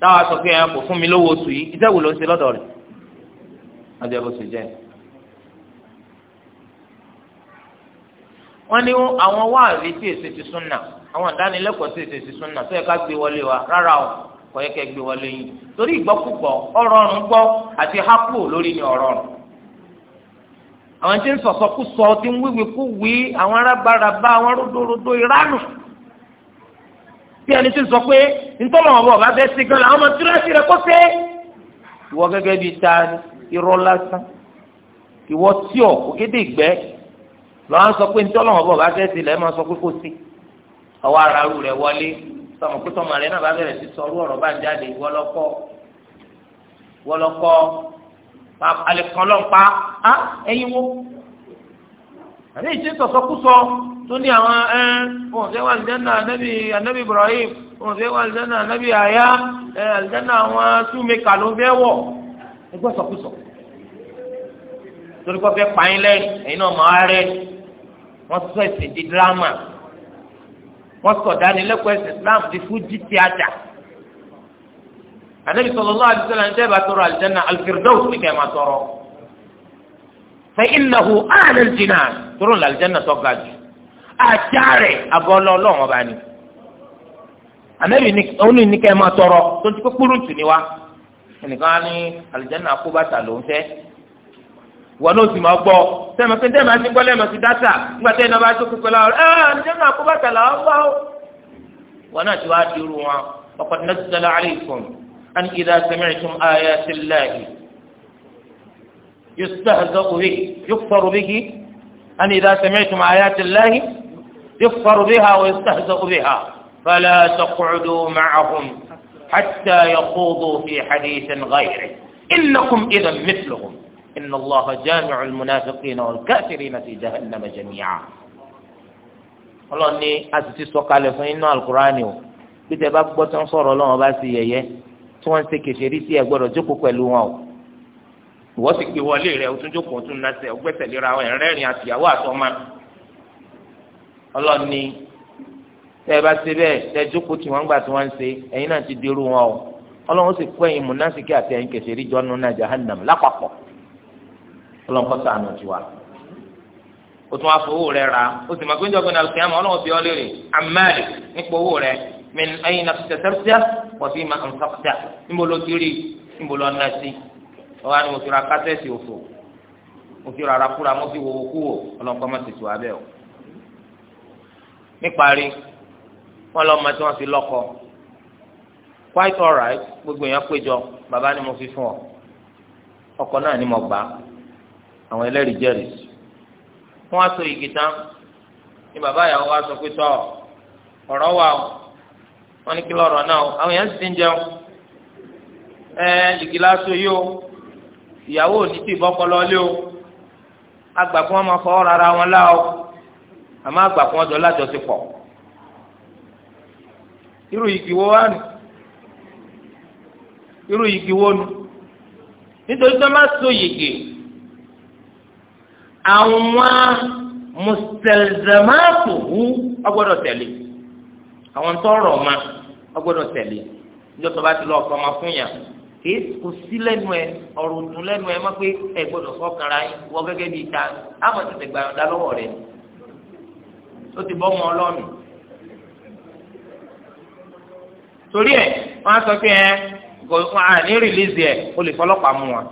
táwa sọ pé ẹ kò fún mi lówó oṣù yìí iṣẹ́ wo ló ń ṣe lọ́dọ̀ rẹ̀ ọjọ́ bó ṣe jẹ́ wọ́n ní àwọn wáàrí tí èsì ti súnà àwọn kọyẹ kẹ gbé wọlé yín torí ìgbọ́kúgbọ́ ọ̀rọ̀rùn gbọ́ àti hápò lórí ni ọ̀rọ̀rùn àwọn tí ń sọ tí ń wíwí kú wí àwọn arábàràbà àwọn ródòródò ìránù bí ẹni tí ń sọ pé bẹ́ẹ̀ sí gan làwọn ọmọ rẹ kó sé ìwọ gẹ́gẹ́ bíi ta irọ́ lásán ìwọ tí ìgbẹ́ lọ́wọ́ sọ pé bẹ́ẹ̀ sí sọmọ kó sọmọ rẹ náà bá bẹ̀rẹ̀ sí sọrú ọ̀rọ̀ bá ń jáde wọlọ́kọ́ wọlọ́kọ́ alẹ́kàn lọ́n pa á ẹ̀yin wo àbí ìṣe sọ̀sọ́kúsọ tó ní àwọn ẹ òun fẹ́ wà aljanna anabi anabi Ibrahim òun fẹ́ wà aljanna anabi aya ẹ aljanna àwọn súnmẹ́kà ló fẹ́ wọ̀ ẹgbẹ́ sọ̀kúsọ torí kọ́ fẹ́ pa yín lẹ́yìn ẹ̀yin náà mọ̀ á rẹ́ wọ́n sọ ẹ̀sìn di dírámà wọ́n sọ dánilẹ́kọ̀ọ́ ẹ̀sìn Islam di fújì tíátà anabi sallallahu alaihi wasallam ní tẹ́lẹ̀ bá tọrọ aljanna alfirdaus ní kẹ́ẹ̀ máa tọrọ fẹ́ ìnáwó ààrẹ jìnnà tọrọ aljanna tó ga jù àjàrẹ abọ́lọ́ ọlọ́run ọba ni anabi òun ní kẹ́ẹ̀ máa tọrọ tó ti pé wa ẹnìkan á ní aljanna kó bàtà ló wọn náà sì máa gbọ́ sẹ́mi pé tẹ́lẹ̀ máa ti gbọ́ lẹ́ẹ̀mọ̀ sí dátà nígbà tẹ́lẹ̀ náà bá tó kú pẹ̀lú àwọn ẹ̀ ǹjẹ́ náà kó bàtà làwọn bá ó. wọn náà ti wá di irú wọn ọkọ̀ tí dáná àárín ìfún ẹni kì í dá sẹmẹ ìtún ayé ti nàzàlá aleikum an idà sami'tum ayati llahi yustahza'u bihi yukfaru bihi an idà sami'tum ayati llahi yukfaru biha wa yustahza'u biha fala taq'udu ma'ahum hatta yaqudu fi hadithin ghayrihi innakum idhan mithluhum inna Allaha jami'ul munafiqina wal kafirina fi jahannama jami'a ọlọ́ni a sì ti sọ̀kalẹ̀ fún inú alukurani o bí tẹ bá gbọ́ tó ń sọ̀rọ̀ ọlọ́run bá sí yẹyẹ tí wọ́n ń ṣe kèfèrí sí ẹ gbọ́dọ̀ jókòó pẹ̀lú wọn o ìwọ́ sì gbé wọlé rẹ o tún jókòó tún nasẹ̀ o gbẹ́sẹ̀lera wọn ẹ̀rẹ́rìn àtìyàwó àtọ́mà ọlọ́ni tẹ bá ṣe bẹ́ẹ̀ tẹ jókòó tí wọ́n gbà tí wọ́n ń ṣe ẹ̀yin náà ti dérú wọn o ọlọ́run sì pẹ́yìn múnásìkí àti ẹ̀yin kèfèrí jọ́nù náà jahannam lápapọ̀ ọlọ́nkọ́ sànù tiwa o tún wá fowó rẹ ra o sì máa gbé ìjọba náà kí ọlọ́wọ́ bí ọ léèrè amáàlì nípa owó rẹ min ayin afitẹsẹsẹ wọ́n fi máa ń sọ́kítà níbo ló ti rí níbo ló ná sí mo ti ra kásẹ̀tì òfò mo ti ra mo ti wò ọlọ́nkọ́ má ti gbogbo èèyàn péjọ bàbá ni mo fi fún ọ àwọn ẹlẹ́rìí jẹ́rìí sí wọ́n á so igi tán ní bàbá ìyàwó wa sọ pé tọ́ ọ̀rọ̀ wà o wọ́n ní kí lọ́rọ̀ náà o àwọn èèyàn sì ti ń jẹun ẹ igi lásò yìí o ìyàwó ò ní tì bọ́kọlọ́ lé o àgbà kí wọ́n máa fọwọ́ rárá wọn lá o àmọ́ àgbà kí wọ́n jọ lájọṣepọ̀ irú igi wo wá nù irú igi wo nù nítorí tó máa so yìgì àwọn mustalzamatuhu ọgbọ́dọ̀ tẹ̀lé àwọn tọrọ ọma ọgbọ́dọ̀ tẹ̀lé níjọba bá ti lọ ọkọ ọma fún yàn kí kò sí lẹ́nu ẹ ọ̀rọ̀ òdùn lẹ́nu ẹ má pé ẹ gbọ́dọ̀ fọkànra yín wọ gẹ́gẹ́ bíi ta àmọ́ tètè gbà ọdá lọ́wọ́ rẹ ó ti bọ́ ọmọ ọlọ́nu torí ẹ wọn á sọ pé ẹ kò àní rìlíìsì ẹ o lè fọlọ́pàá mú wọn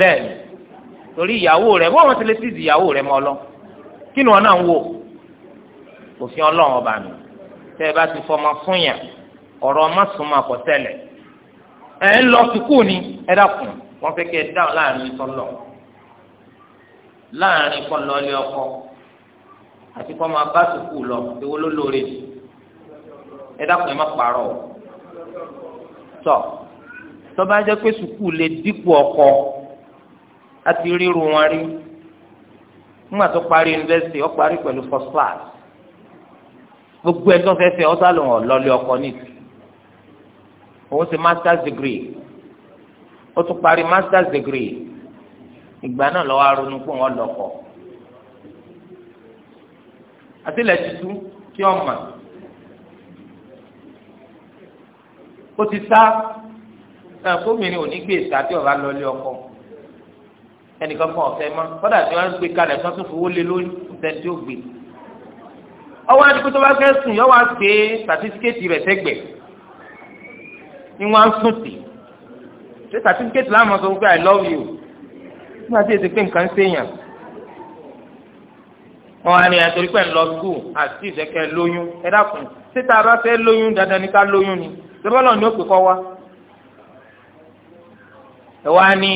bẹ́ẹ̀ ni torí ìyàwó rẹ bó wọn ti lè tíìzì ìyàwó rẹ mọ lọ kí ni wọn náà ń wò òfin Ọlọ́run ọba mi tẹ ẹ bá ti fọmọ fún yàn ọ̀rọ̀ mọsùnmọ kò tẹ́lẹ̀ ẹ ń lọ sùkúù ni ẹ dákun wọn fẹ́ kí ẹ dáhùn láàrin sọlọ láàrin kọlọlẹ ọkọ àti kọ́ máa bá sùkúù lọ ewo ló lóore ẹ dákun ẹ má pààrọ̀ tọ tọ́ bá jẹ́ pé sùkúù lè dípò ọkọ a ti ríru wọn rí nígbà tó parí yunifásitì ó parí pẹ̀lú first class gbogbo ẹ̀ tó fẹ́ fẹ́ ọ́ sálọ̀ wọn lọ́lé ọkọ nìtì òun ṣe masters degree ó tún parí masters degree ìgbà náà lọ́wọ́ aronú pé wọ́n lọ́kọ̀ àtìlẹ̀ tuntun tí ó mà ó ti sá ẹ̀ kómìnrin ò ní gbé ìsá tí ó ọkọ ẹnìkan kan ọ̀fẹ́ mọ́ kọ́dà tí wọ́n gbé kalẹ̀ tó tún fowó lé lórí ìtẹ́ni tí ó gbé ọwọ́ adigun tó bá fẹ́ sùn yọ wá gbé sàtífíkẹ́tì rẹ̀ sẹ́gbẹ̀ ni wọ́n á sùn tì ṣé sàtífíkẹ́tì láwọn sọ wípé i love you nígbà tí èsì pé nǹkan ń sèyàn wọn á ní ẹ torí pé ń lọ skul àti ìfẹ́kẹ́ lóyún ẹ dákun síta bá fẹ́ lóyún dandan ní ká lóyún ni ṣé bọ́lá ni ó pè kọ́ wa ẹ wá ní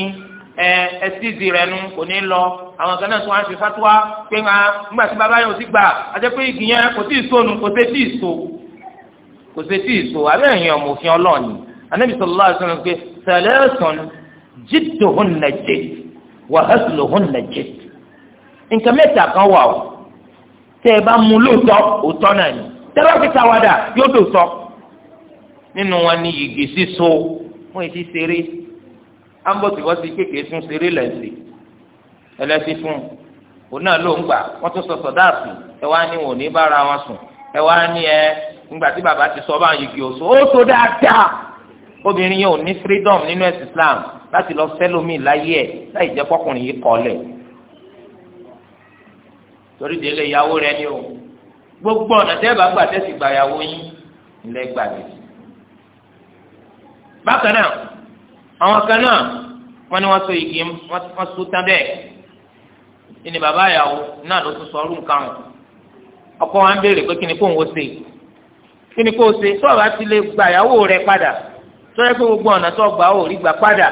ẹ ẹsíìsì rẹ nu kò ní lọ àwọn kan náà tún wá ń fi fatuwa pé ńlá ńgbà tí bàbá yóò ti gbà àti pé igi yẹn kò tí ì so nu kò sí tí ì so kò sí tí ì so abẹ́ ẹ̀yìn ọmọ òfin ọlọ́ọ̀ni anabi sọlá àṣọyọ pé sẹlẹ́sọ̀n jìdòhún nàjẹ wàhásùlòhún nàjẹ nǹkan mẹ́ta kan wà o tẹ́ ẹ bá mú lóòótọ́ òótọ́ náà ni tẹ́ bá fi tàwádà yóò dòótọ́ nínú wọn ni igi síso wọ́n ti ṣeré ambọ̀tìbọ̀tì kékeré tún ṣeré lẹ́sìn ẹlẹ́sìn fún òun náà ló ń gbà wọ́n tún sọ sọ̀dáàtì ẹ wá ní wọn ò ní bára wọn sùn ẹ wá ní ẹ ńgbà tí bàbá ti sọ bá yìgì òṣù ó so dáadáa obìnrin yẹn ní freedom nínú ẹ̀sìn Islam láti lọ sẹ́lómi láyé ẹ̀ láì jẹ́ kọkùnrin yìí kọ́lẹ̀ torí délé ìyàwó rẹ ni o gbogbo ọ̀nà tẹ́ bá gbà tẹ́sí gbàyàwó yín ilẹ̀ bákan náà àwọn kan náà wọ́n ní so igi wọ́n so tán bẹ́ẹ̀ ìní bàbá ìyàwó náà ló tún sọ ọkọ wa ń béèrè pé kí ni kò ń wo kí gba rẹ padà yẹ pé gbogbo ọ̀nà tó padà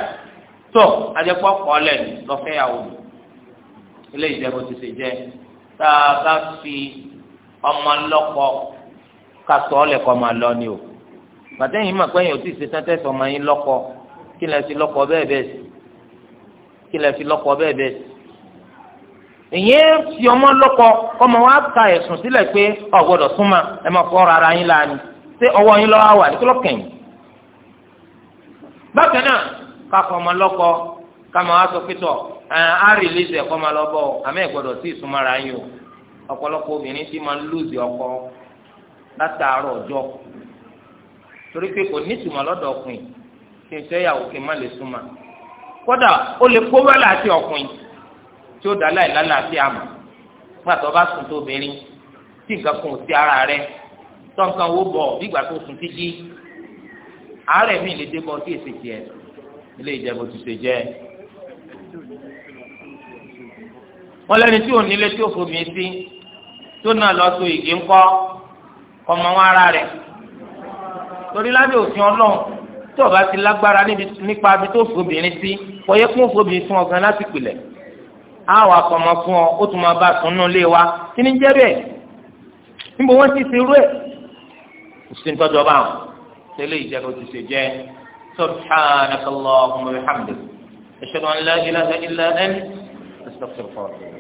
àjẹpọ̀ kọ́ lọ́fẹ́ ilé ti fi ọmọ lọ́kọ ni o mọ̀ pé ò tí ì ṣe tán ọmọ kí lẹ fi lọ́kọ bẹ́ẹ̀ bẹ́ẹ̀ sí kí lẹ fi lọ́kọ bẹ́ẹ̀ bẹ́ẹ̀ sí. ìyẹn fi ọmọ lọ́kọ ọmọ wa ka ẹ̀sùn sílẹ̀ pé ọ gbọ́dọ̀ súnmọ́ ẹ máa fọ ara yín láàánú ṣé ọwọ́ yín lọ́wọ́ wà ní kílọ̀kẹ̀yìn. bákan náà kakọ ọmọ lọ́kọ kàmá wa sọ pítọ̀ ẹ á rìlíìsì ẹ̀kọ́ máa lọ bọ̀ sí ìsúnmọ́ ara yín o ọ̀pọ̀lọpọ̀ obìnrin ti máa ń lùzì ọkọ látàárọ̀ ọjọ́ torí pé kò ní ìtumọ̀ lọ́dọ̀ ọkùnrin kí n fẹ́ yàwó kí n má lè súnmọ́ kódà ó lè kó wẹ́lá àti ọkùnrin tí ó dá láì lálàáfíà mọ̀ pàtó bá sùn tó obìnrin tí nǹkan kan ò sí ara rẹ̀ tọ́nkan wo bọ̀ nígbà tó sùn títí àárẹ̀ mi lè dé bọ́ sí èsì tiẹ̀ ilé ìjẹ́bù ti ṣe jẹ́ wọ́n lẹ́ni tí ò nílé tí ò fòmí sí tó náà lọ so ìgé ńkọ́ ọmọ wọn ara rẹ̀ torí lábẹ́ òfin ọlọ́run tí ọba ti lágbára nípa ibi tó fòbìnrin sí kọyẹ kún fòbìnrin fún ọgán láti pìlẹ̀ àwọn akọmọ fún ọ ó tún máa bá sùn nù lé wa kí ni jẹ́ bẹ́ẹ̀ níbo wọ́n ti ṣe irú ẹ̀ òsì ń tọ́jú ọba àwọn tẹ́lẹ̀ ìjẹ́kọ̀ ti ṣe jẹ́ subhanakallahumma wa bihamdik ashhadu an